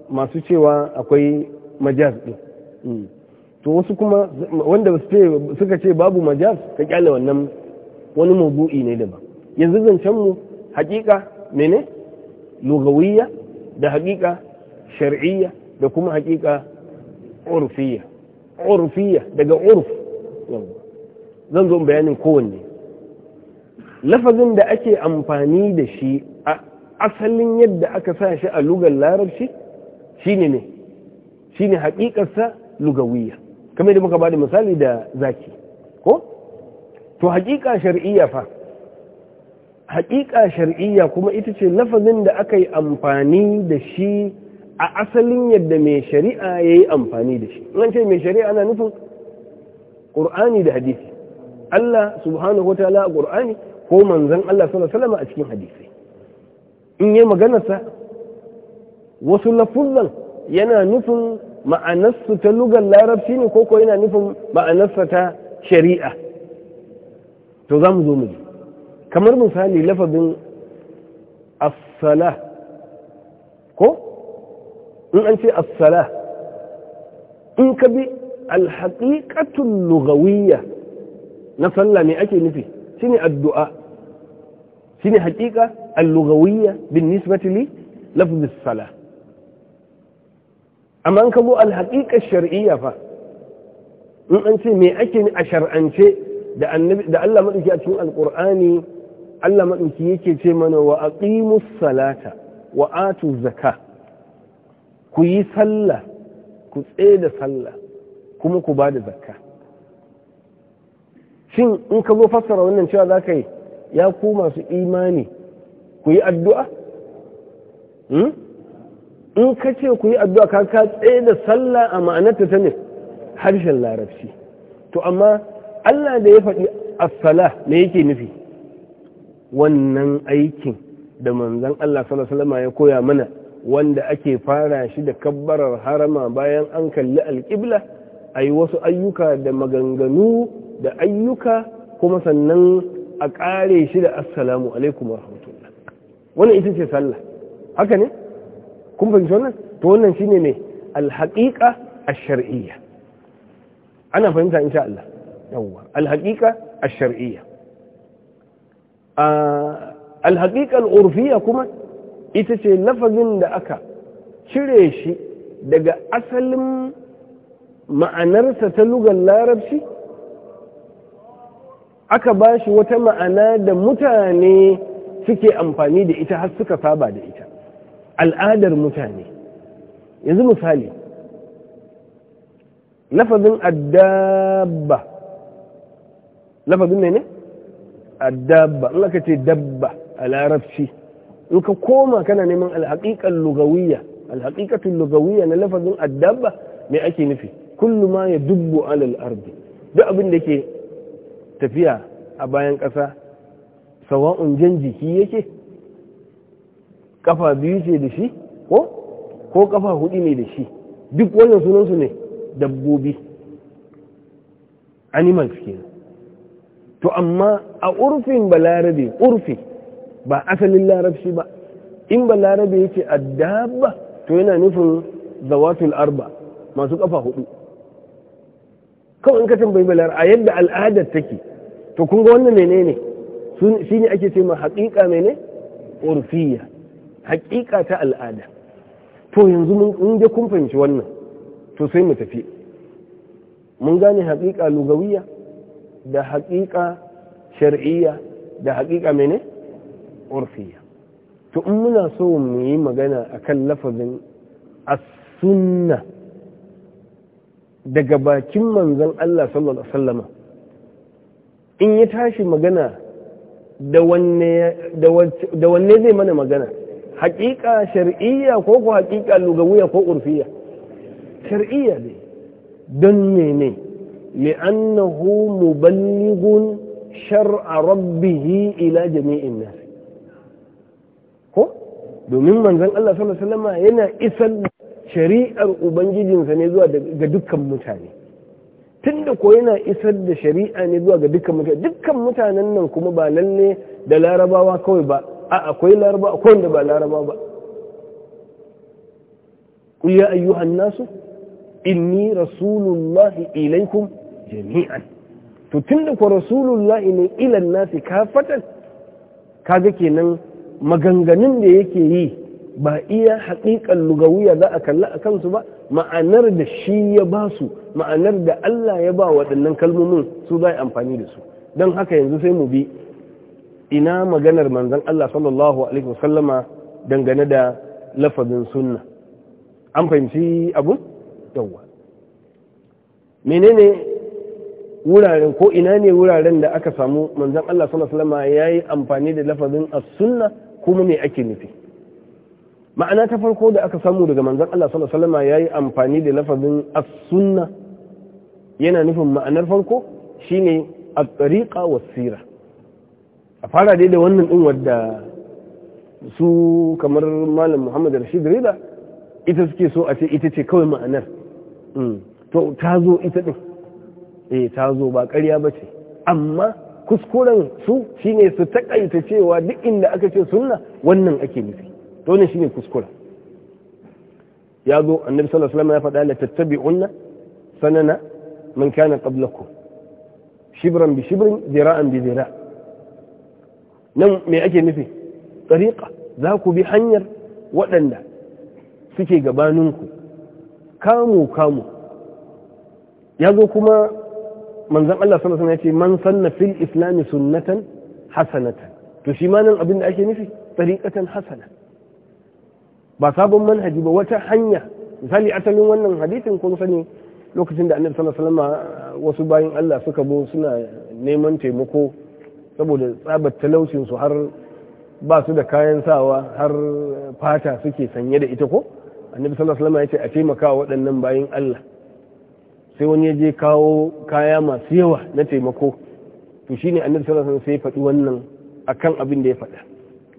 masu cewa akwai majaz ɗin hmm. to wasu kuma wanda suka ce babu majaz ka kyale wannan wani mabu'i ne da ba. yanzu zancen mu hakika mene lugawiyya da hakika shar'iyya da kuma hakika urfiyya urfiyya daga urf zan zo bayanin kowanne lafazin da ake amfani da shi a asalin yadda aka sa shi a lugar larabci shine ne shine hakikarsa lugawiyya kamar da muka bada misali da zaki ko to hakika shar'iyya fa haƙiƙa shar'iyya kuma ita ce lafazin da aka yi amfani da shi a asalin yadda mai shari'a ya yi amfani da shi in ce mai shari'a ana nufin ƙur'ani da hadisi Allah subhanahu wa ta'ala a ƙur'ani ko manzan Allah sallallahu alaihi a cikin hadisi in yi maganarsa wasu lafuzan yana nufin ma'anarsu ta lugar larabci ne ko yana nufin ma'anarsa ta shari'a to za mu zo mu kamar misali lafazin assala ko in an ce assala in ka bi alhaƙiƙatun lugawiyya na sallah ne ake nufi shine addu'a shine haƙiƙa al-lugawiyya bin nisbati li lafzis salah amma ka zo alhaƙiƙar shar'iyya fa in an ce me ake ni a shar'ance da annabi da Allah madauki a cikin alqur'ani Allah madauki yake ce mana wa aqimus salata wa atu ku yi sallah ku tsaye da sallah kuma ku ba da zakka shin in ka zo fassara wannan cewa za ka yi ya ku masu imani ku yi addu'a? Hmm? in ka ce ku yi addu'a ka ka tsaye da sallah a ma'anarta ta ne harshen larabci to amma Allah da ya faɗi a sallah ne yake nufi wannan aikin da manzan Allah salama ya koya mana wanda ake fara shi da kabbarar harama bayan an kalli alƙibla a yi wasu ayyuka da maganganu da ayyuka kuma sannan a ƙare shi da assalamu alaikum wa rahmatullah wannan ita ce sallah haka ne kun fahimci wannan to wannan shine ne alhaqiqa ash-shar'iyya ana fahimta insha Allah Yawa. alhaqiqa ash-shar'iyya ah, alhaqiqa al-urfiyya kuma ita ce lafazin da aka cire shi daga asalin ma'anarsa ta lugar larabci aka ba shi wata ma'ana da mutane suke amfani da ita har suka saba da ita al'adar mutane yanzu misali lafazin addabba lafazin ne ne addabba in aka ce dabba a larabci in ka koma kana neman alhaƙiƙar lugawiyya alhaƙiƙatun lugawiyya na lafazin addabba me ake nufi kullu ma ya dubbo alal ardi duk abin da ke tafiya a bayan ƙasa sawa'un jan jiki yake kafa biyu ce da shi ko ko kafa hudu ne da shi duk wannan sunansu ne dabbobi animals kenan to amma a urfin balarabe urfi ba asalin larabci ba in balarabe yake addaba to yana nufin zawatul arba masu kafa hudu kawai in ka tambayi balar a yadda al'adar take to kun ga wannan menene shi ne ake ce ma haƙiƙa ne urfiya haƙiƙa ta al'ada to yanzu mun je kun wannan to sai mu tafi mun gane haƙiƙa lugawiya da haƙiƙa shar'iyya da haƙiƙa mene urfiya to in muna so mu yi magana akan lafazin as-sunna daga bakin manzon Allah sallallahu alaihi in ya tashi magana da wanne zai mana magana hakika shar'iyya ko ko hakika lugawiya ko urfiya shar'iyya ne don mene li'annahu muballighun shar'a rabbih ila jami'in nas ko domin manzon Allah sallallahu alaihi wasallam yana isar shari'ar ubangijinsa ne zuwa ga dukkan mutane tunda ko yana isar da shari'a ne zuwa ga dukkan mutane dukkan mutanen nan kuma ba lalle da larabawa kawai ba a akwai laraba akwai wanda ba laraba ba qul ayyuhan nasu inni rasulullahi ilaikum jami'an to tunda ku rasulullahi ne ilan nasi kafatan kaga kenan maganganun da yake yi ba iya haƙiƙan lugawiya za a kalla a kansu ba ma'anar da shi ya ba su ma'anar da Allah ya ba waɗannan kalmomin su za a yi amfani da su don haka yanzu sai mu bi ina maganar manzan Allah sallallahu alaihi wasallama dangane da lafazin sunna an fahimci abu yawa menene wuraren ko ina ne wuraren da aka samu manzan Allah sallallahu alaihi wasallama yi amfani da lafazin as-sunna kuma me ake nufi ma'ana ta farko da aka samu daga manzan Allah sallallahu alaihi wasallama yi amfani da lafazin as-sunna yana nufin ma'anar farko shine a tariqa was sira. a fara dai da wannan din wadda su kamar malam muhammad rashid rida ita suke so a ce ita ce kawai ma'anar mm. to ta zo ita din eh ta zo ba karya ba ce amma kuskuren su shine su takaita cewa duk inda aka ce sunna wannan ake nufi to ne shine kuskura ya zo annabi sallallahu alaihi ya faɗa la tattabi'unna sanana man kana qablakum shibran bi shibrin dira'an bi dira' nan me ake nufi tariqa za ku bi hanyar waɗanda suke gabaninku kamu kamu ya zo kuma manzan Allah sallallahu alaihi ya ce man sanna fil islami sunnatan hasanatan to shi ma abin da ake nufi tariqatan hasana ba sabon manhaji ba wata hanya misali asalin wannan hadisin kun sani lokacin da annabi sallallahu alaihi wasu bayin Allah suka bo suna neman taimako saboda tsabar talaucinsu har ba su da kayan sawa har fata suke sanye da ita ko annabi sallallahu alaihi wasallam ya a taimaka wa waɗannan bayin Allah sai wani ya je kawo kaya masu yawa na taimako to shine annabi sallallahu alaihi wasallam sai faɗi wannan akan abin da ya faɗa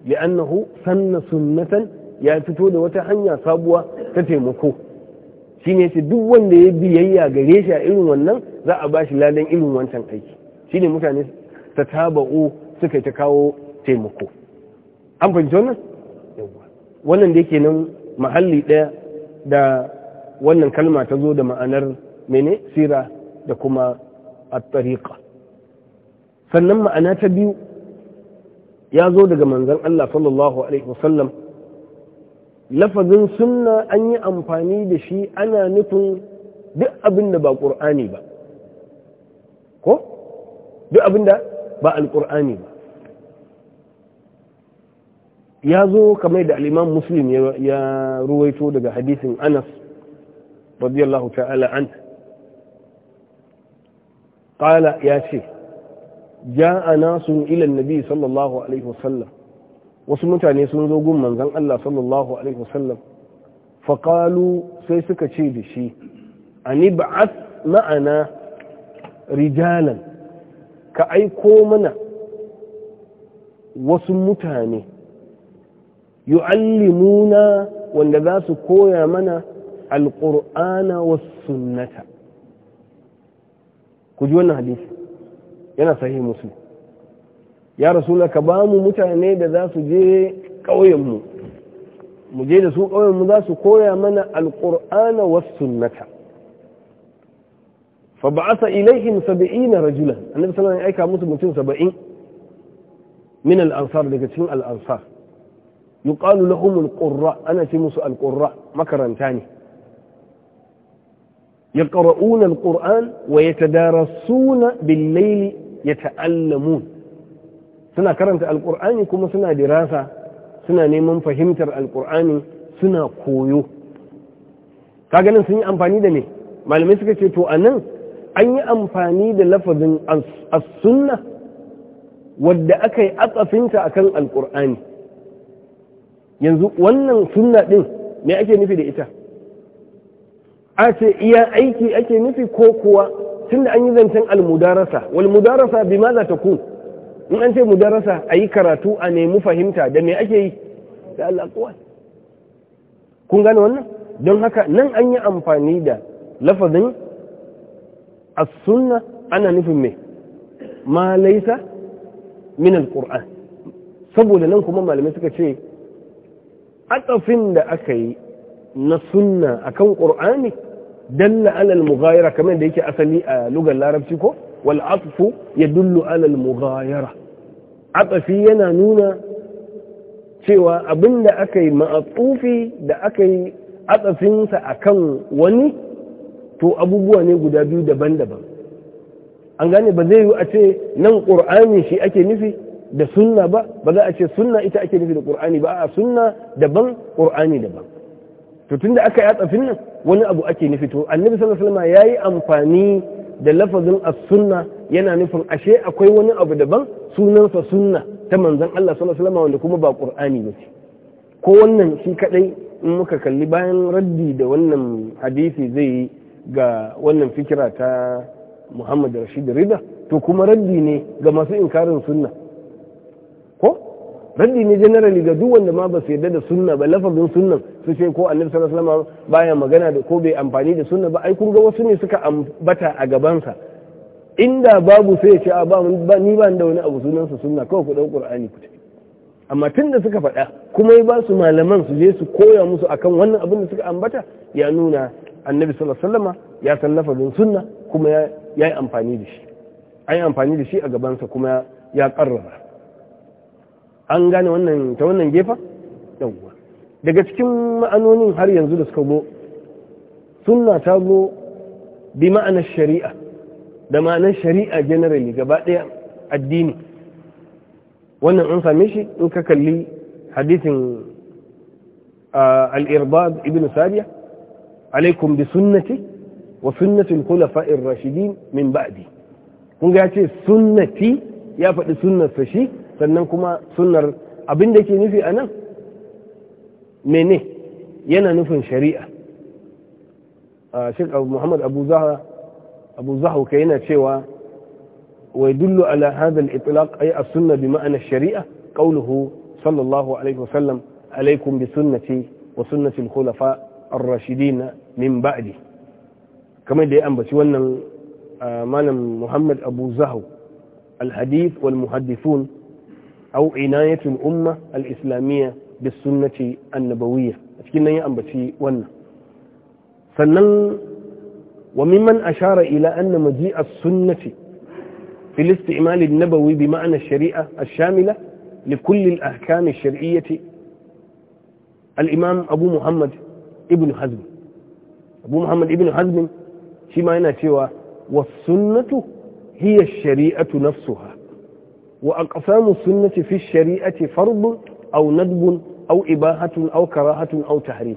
li'annahu sanna sunnatan ya fito da wata hanya sabuwa ta taimako shine yace duk wanda ya biyayya gare shi a irin wannan za a bashi ladan irin wancan aiki shine mutane ta taba'u suka ta kawo taimako an fahimci wannan wannan da yake nan mahalli ɗaya da wannan kalma ta zo da ma'anar mene sira da kuma at sannan ma'ana ta biyu ya zo daga manzan Allah sallallahu alaihi wasallam lafazin sunna an yi amfani da shi ana nufin duk abin da ba ƙur'ani ba ko duk abin da ba alkur'ani ba ya zo kamar da al'imam muslim ya ruwaito daga hadisin anas radiyallahu ta'ala an ƙala ya ce ja ja'a nasun ilan nabi sallallahu alaihi wasallam wasu mutane sun zo gun manzan Allah sallallahu alaihi wasallam faƙalu sai suka ce da shi a ani ba'at ma'ana rijalan ka aiko mana wasu mutane yu'allimuna wanda za su koya mana alƙur'ana wasu sunnata ku ji wannan hadisi yana sahi musu ya rasula ka ba mu mutane da za su je ƙauyenmu mu je da su ƙauyenmu za su koya mana alƙur'ana wasu sunnata fa ba'asa ilaihim 70 rajulan annabi sallallahu alaihi wasallam aika musu mutum saba'in min al-ansar daga cikin al-ansar yuqalu lahum al-qurra ana ce musu al-qurra makaranta ne يقرؤون القرآن ويتدارسون ya يتعلمون suna karanta alkur'ani kuma suna dirasa suna neman fahimtar Alƙur'ani, suna koyo kaganin sun yi amfani da ne malamai suka ce to a nan an yi amfani da lafazin as-sunna wadda aka yi atsafinta akan alkur'ani yanzu wannan sunna din me ake nufi da ita a ce iya aiki ake nufi ko kuwa tunda an yi zancen almudarasa wal mudarasa bi ma za ta ku in an ce mudarasa a yi karatu a nemi fahimta da me ake yi da kuwa? kun gane wannan don haka nan an yi amfani da lafazin as-sunna ana nufin me ma laisa min al-qur'an saboda nan kuma malamai suka ce atafin da aka yi na sunna akan qur'ani dalla ala al-mughayara kamar da yake asali a lugar larabci ko wal atfu yadullu ala al-mughayara atafi yana nuna cewa abinda aka yi ma'atufi da aka yi atsafinsa akan wani to abubuwa ne guda biyu daban-daban an gane ba zai yi a ce nan ƙur'ani shi ake nufi da sunna ba ba za a ce sunna ita ake nufi da ƙur'ani ba a sunna daban ƙur'ani daban to tunda aka yi a nan wani abu ake nufi to annabi sallallahu alaihi wasallam yayi amfani da lafazin as-sunna yana nufin ashe akwai wani abu daban sunansa sunna ta manzon Allah sallallahu alaihi wanda kuma ba Qur'ani ba ce ko wannan shi kadai in muka kalli bayan raddi da wannan hadisi zai yi ga wannan fikira ta muhammad rashid rida to kuma raddi ne ga masu inkarin sunna ko raddi ne generally ga duk wanda ma ba su yarda da sunna ba lafazin sunnan su ce ko annabi sallallahu alaihi wasallam baya magana da ko bai amfani da sunna ba ai kun ga wasu ne suka ambata a gabansa inda babu sai ya ce a ba ni ba da wani abu sunan su sunna kawai ku dau qur'ani ku amma tun da suka faɗa kuma ya ba su malaman su je su koya musu akan wannan abin da suka ambata ya nuna annabi sallallahu alaihi wasallama ya san bin sunna kuma ya yi amfani da shi an yi amfani da shi a gabansa kuma ya karrara an gane wannan ta wannan gefa yawwa daga cikin ma'anonin har yanzu da suka zo sunna ta zo bi ma'anar shari'a da ma'anar shari'a generally gaba ɗaya addini wannan an same shi in ka kalli hadisin ah, al-irbad ibn sariya alaikum bi sunnati wa sunnati al-khulafa'ir rashidin min ba'di kun ga yace sunnati ya faɗi sunnar sa shi sannan kuma sunnar abin da yake nufi anan mene yana nufin shari'a Sheikh Muhammad Abu Zahra Abu Zahra kai yana cewa ويدل على هذا الإطلاق أي السنة بمعنى الشريعة قوله صلى الله عليه وسلم عليكم بسنتي وسنة الخلفاء الراشدين من بعد كما da ya ambaci wannan malam muhammad abu zahu الحديث والمحدثون أو عناية الأمة الإسلامية بالسنة النبوية أتكلم يا أمبتي ونا فنن وممن أشار إلى أن مجيء السنة في الاستعمال النبوي بمعنى الشريعة الشاملة لكل الأحكام الشرعية الإمام أبو محمد ابن حزم ابو محمد ابن حزم شي ما هنا تيوا والسنه هي الشريعه نفسها واقسام السنه في الشريعه فرض او ندب او اباحه او كراهه او تحريم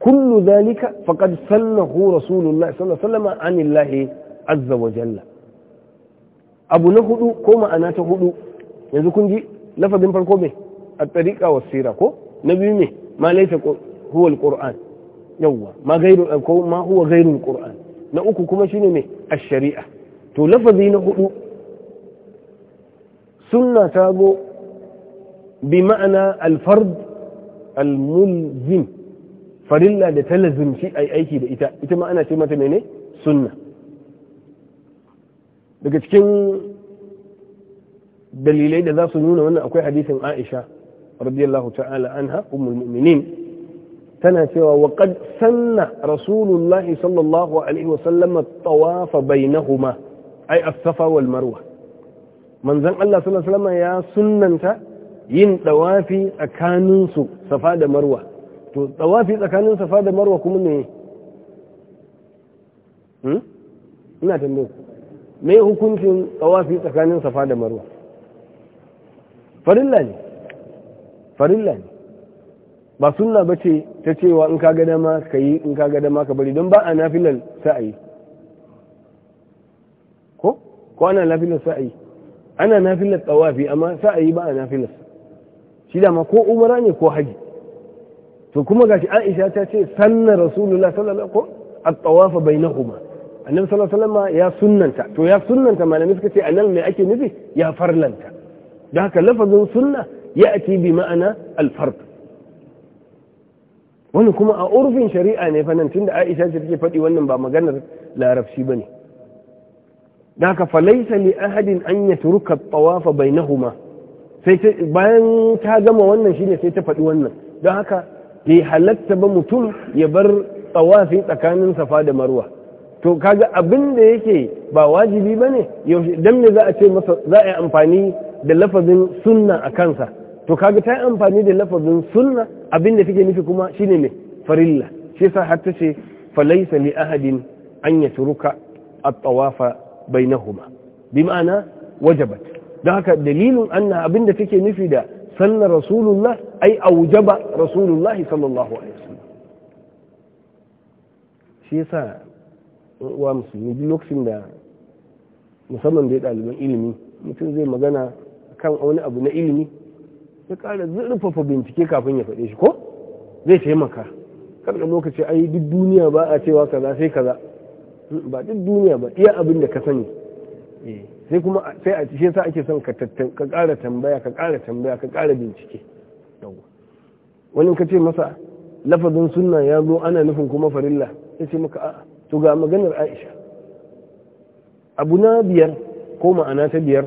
كل ذلك فقد سنه رسول الله صلى الله عليه وسلم عن الله عز وجل ابو نهد كما انا تهد يعني كنت لفظ من فرقه الطريقه والسيره كو نبي ما ليس هو القران yawwa ma gairu ko ma huwa gairul qur'an na uku kuma shine me ash-shari'a to lafazi na hudu sunna ta go bi ma'ana al-fard al-mulzim farilla da ta shi ai aiki da ita ita ma ana ce mata mene sunna daga cikin dalilai da za su nuna wannan akwai hadisin Aisha radiyallahu ta'ala anha ummul mu'minin tana cewa wa qad sanna rasulullahi sallallahu alaihi wa sallam tawafa bainahuma ai as-safa wal marwa manzon Allah sallallahu alaihi wa ya sunnanta yin tawafi tsakanin su safa da marwa to tawafi tsakanin safa da marwa kuma ne hmm ina tambaye me hukuncin tawafi tsakanin safa da marwa farilla ne farilla ne ba sunna ba ce ta cewa in ka ga dama ka yi in ka ga dama ka bari don ba a nafilan sa'ayi ko ko ana nafilan sa'ayi ana nafilan tsawafi amma sa'ayi ba a nafilan shi dama ko umara ne ko haji to kuma gashi Aisha ta ce sanna rasulullah sallallahu alaihi wasallam at-tawafa bainahuma annabi sallallahu alaihi wasallam ya sunnanta to ya sunnanta malami suka ce anan me ake nufi ya farlanta da haka lafazin sunna ya'ti bi ma'ana al-fard wani kuma a urfin shari'a ne tun tunda aisha ce take faɗi wannan ba maganar larabci ba ne da haka falaisa li ahadin an ya turuka tawafa ma. sai bayan ta gama wannan shine sai ta faɗi wannan don haka bai halatta ba mutum ya bar tsawafin tsakanin safa da marwa to kaga abin da yake ba wajibi ba ne don me za a ce masa za a yi amfani da lafazin sunna a kansa to kaga ta yi amfani da lafazin sunna abin da take nufi kuma shine ne farilla shi sa har ta ce falaisa li ahadin an yatruka at-tawafa bainahuma bi ma'ana wajabat Da haka dalilin anna abin da take nufi da sallar rasulullah ai aujaba rasulullah sallallahu alaihi wasallam shi yasa wa musulmi duk lokacin da musamman da ɗaliban ilimi mutum zai magana kan wani abu na ilimi ya kara zurfafa bincike kafin ya faɗe shi ko zai taimaka karka lokaci ai duk duniya ba a cewa kaza sai kaza hmm, ba duk duniya ba iya abin da ka sani eh. sai kuma sai a cikin yasa ake son ka kara tambaya ka kara tambaya ka kara bincike wani ka ce masa lafazin sunna ya zo ana nufin kuma farilla ya ce maka a'a to ga maganar Aisha abu na biyar ko ma'ana ta biyar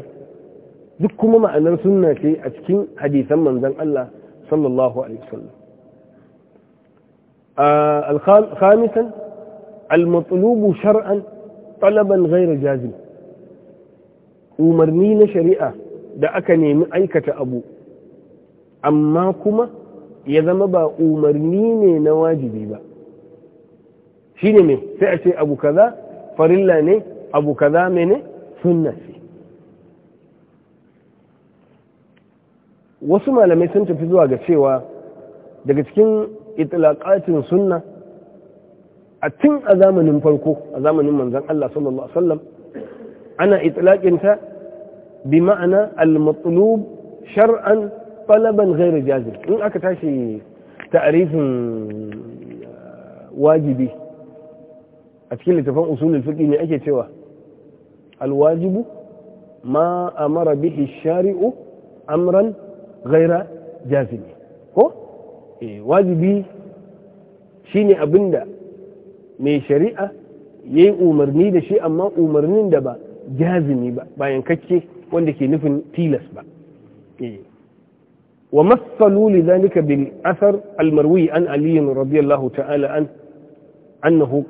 duk kuma ma'anar sunna ce a cikin hadisan manzon Allah sallallahu alaihi wasallam خامسا المطلوب sharan talaban غير jazim umarni na shari'a da aka nemi aikata abu amma kuma ya zama ba umarni ne na wajibi ba shine me sai a ce abu kaza farilla ne abu kaza mene sunna ce wasu malamai sun tafi zuwa ga cewa daga cikin itlaqatin sunna a cin a zamanin farko a zamanin manzon Allah sallallahu alaihi wasallam ana itlaqinta bi ma'ana al-matlub shar'an talaban ghairu in aka tashi ta'rifin uh, wajibi a cikin littafin usulul fiqh ne ake cewa al-wajibu ma amara bihi shari'u amran gaira jazimi ko wajibi shine abinda mai shari'a ya yi umarni da shi amma umarnin da ba jazimi ba bayan kakke wanda ke nufin tilas ba wa masalu lidhalika bil asar almarwi an aliyin radiyallahu ta'ala an annahu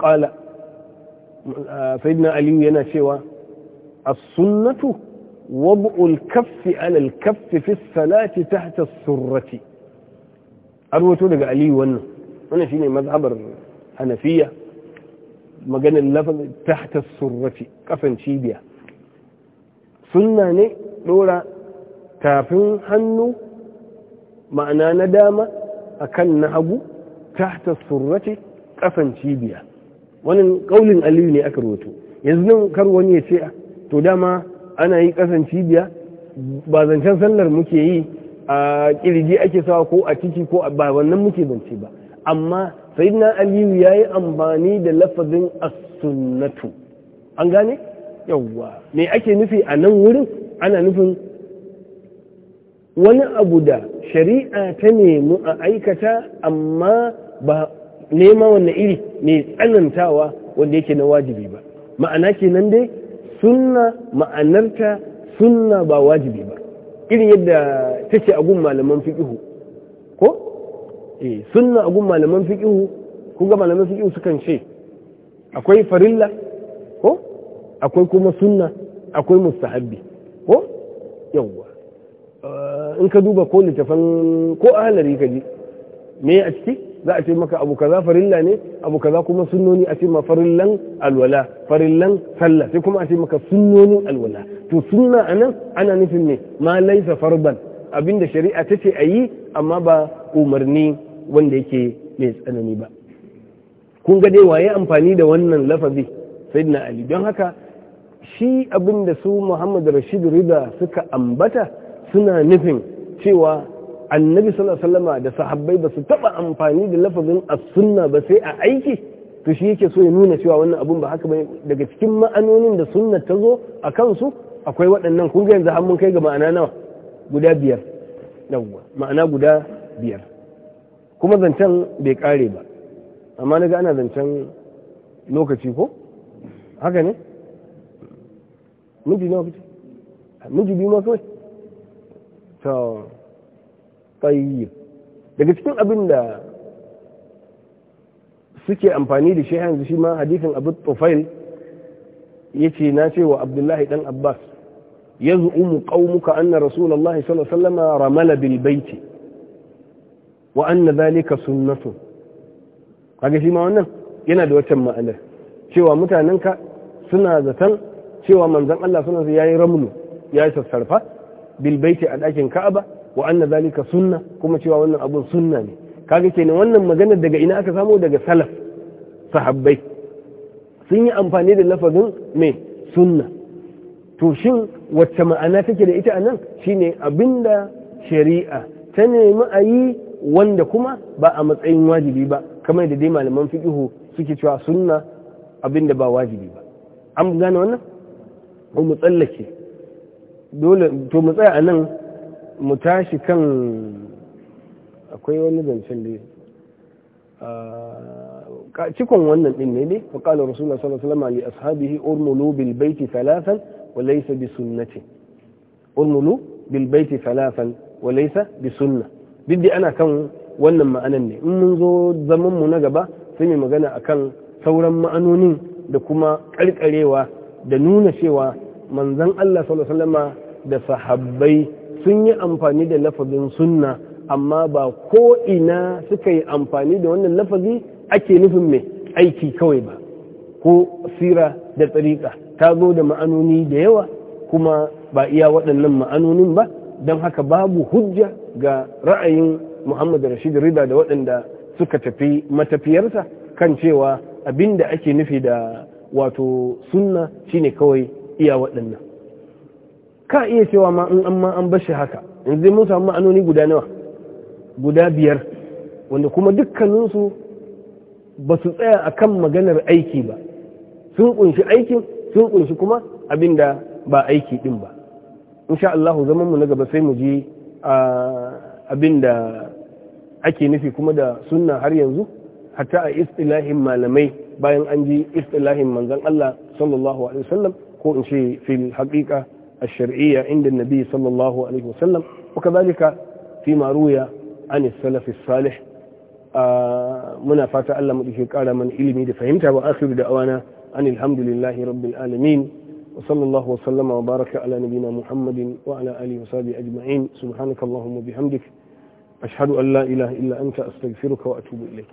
aliyu yana cewa as-sunnatu وضع الكف على الكف في الصلاة تحت السرة أروى تلك علي وانا وانا فيني مذهب الحنفية قال اللفظ تحت السرة كفن شيبيا. سنة ني لولا تافن حنو معناه ندامة أكن نعبو تحت السرة كفن شيبيا. وانا قول علي ني أكروتو يزنو كروني سيئة تداما ana yi kasan cibiya ba zancen sallar muke yi a kirji ake sawa ko a ciki ko a wannan muke zance ba amma sayyidina aliyu ya yi amfani da lafazin as-sunnatu an gane yawwa me ake nufi a nan wurin ana nufin wani abu da shari'a ta nemi a aikata amma ba nema wanne iri mai tsanantawa wanda yake na wajibi ba ma'ana kenan dai sunna ma'anarta sunna ba wajibi ba irin yadda take a gun malaman fiqihu ko eh sunna a gun malaman fiqihu kun ga malaman fiqihu sukan ce akwai farilla ko akwai kuma sunna akwai mustahabbi ko yawwa eh, in ka duba ko littafan ko ahalari ka ji me a ciki za a ce maka abu kaza farilla ne abu kaza kuma sunnoni a ce ma farillan alwala farillan sallah sai kuma a ce maka sunnoni alwala to sunna anan ana nufin ne ma laisa farban abinda shari'a ta ce a yi amma ba umarni wanda yake mai tsanani ba kun ga dai waye amfani da wannan lafazi sayyidina ali don haka shi abinda su muhammad rashid rida suka ambata suna nufin cewa annabi sallallahu alaihi wasallam da sahabbai ba su taba amfani da lafazin as-sunna ba sai a aiki to shi yake so ya nuna cewa wannan abun ba haka bane daga cikin ma'anonin da sunna ta zo a kansu akwai waɗannan kun ga yanzu har mun kai ga ma'ana nawa guda biyar yawwa ma'ana guda biyar kuma zancen bai kare ba amma naga ana zancen lokaci ko haka ne miji nawa kace miji biyu ma kawai to daga cikin abin da suke amfani da shi yanzu shi ma hadisin abu tufail yace na ce wa abdullahi dan abbas ya qaumuka anna rasulullahi sallallahu alaihi wasallam ramala bil baiti wa anna dhalika sunnatu kaga shi ma wannan yana da wacan ma'anar cewa mutanenka suna zaton cewa manzon Allah sallallahu alaihi wasallam yayi ramlu yayi sassarfa bilbaiti a dakin ka'aba wa anna zalika sunna kuma cewa wannan abun sunna ne kaga kenan wannan magana daga ina aka samu daga salaf sahabbai sun yi amfani da lafazin mai sunna to shin wacce ma'ana take da ita anan shine abinda shari'a ta nemi a yi wanda kuma ba a matsayin wajibi ba kamar da dai malaman fiqihu suke cewa sunna abinda ba wajibi ba an gane wannan ko mu tsallake dole to mu tsaya anan mu tashi kan akwai wani zancen dai ah, cikon wannan din ne ne fa qala rasulullah sallallahu alaihi wasallam urmulu bil baiti thalathan wa laysa bi sunnati urmulu bil baiti thalathan wa laysa bi sunna duk da ana kan wannan ma'anan ne in mun zo zaman mu na gaba sai mu magana a kan sauran ma'anonin da kuma karkarewa da nuna cewa manzon Allah sallallahu alaihi wasallam da sahabbai sun yi amfani da lafazin sunna amma ba ko ina suka yi amfani da wannan lafazi ake nufin mai aiki kawai ba ko sira da tsarika ta zo da ma'anoni da yawa kuma ba iya waɗannan ma'anonin ba don haka babu hujja ga ra'ayin muhammad rashid rida da waɗanda suka tafi matafiyarsa kan cewa abin da ake nufi da wato sunna shine kawai iya waɗannan ka iya cewa ma in an an bashi haka yanzu mun samu ma'anoni guda nawa guda biyar wanda kuma dukkaninsu ba su tsaya a kan maganar aiki ba sun kunshi aikin sun kunshi kuma Abinda ba aiki din ba insha Allah zaman mu na gaba sai mu ji abin da ake nufi kuma da sunna har yanzu hatta a istilahin malamai bayan an ji istilahin manzon Allah sallallahu alaihi wasallam ko in ce fil haqiqa الشرعية عند النبي صلى الله عليه وسلم وكذلك فيما روي عن السلف الصالح آه، منا فتألم لك على من علمي فهمتها وآخر دعوانا أن الحمد لله رب العالمين وصلى الله وسلم وبارك على نبينا محمد وعلى آله وصحبه أجمعين سبحانك اللهم وبحمدك أشهد أن لا إله إلا أنت أستغفرك وأتوب إليك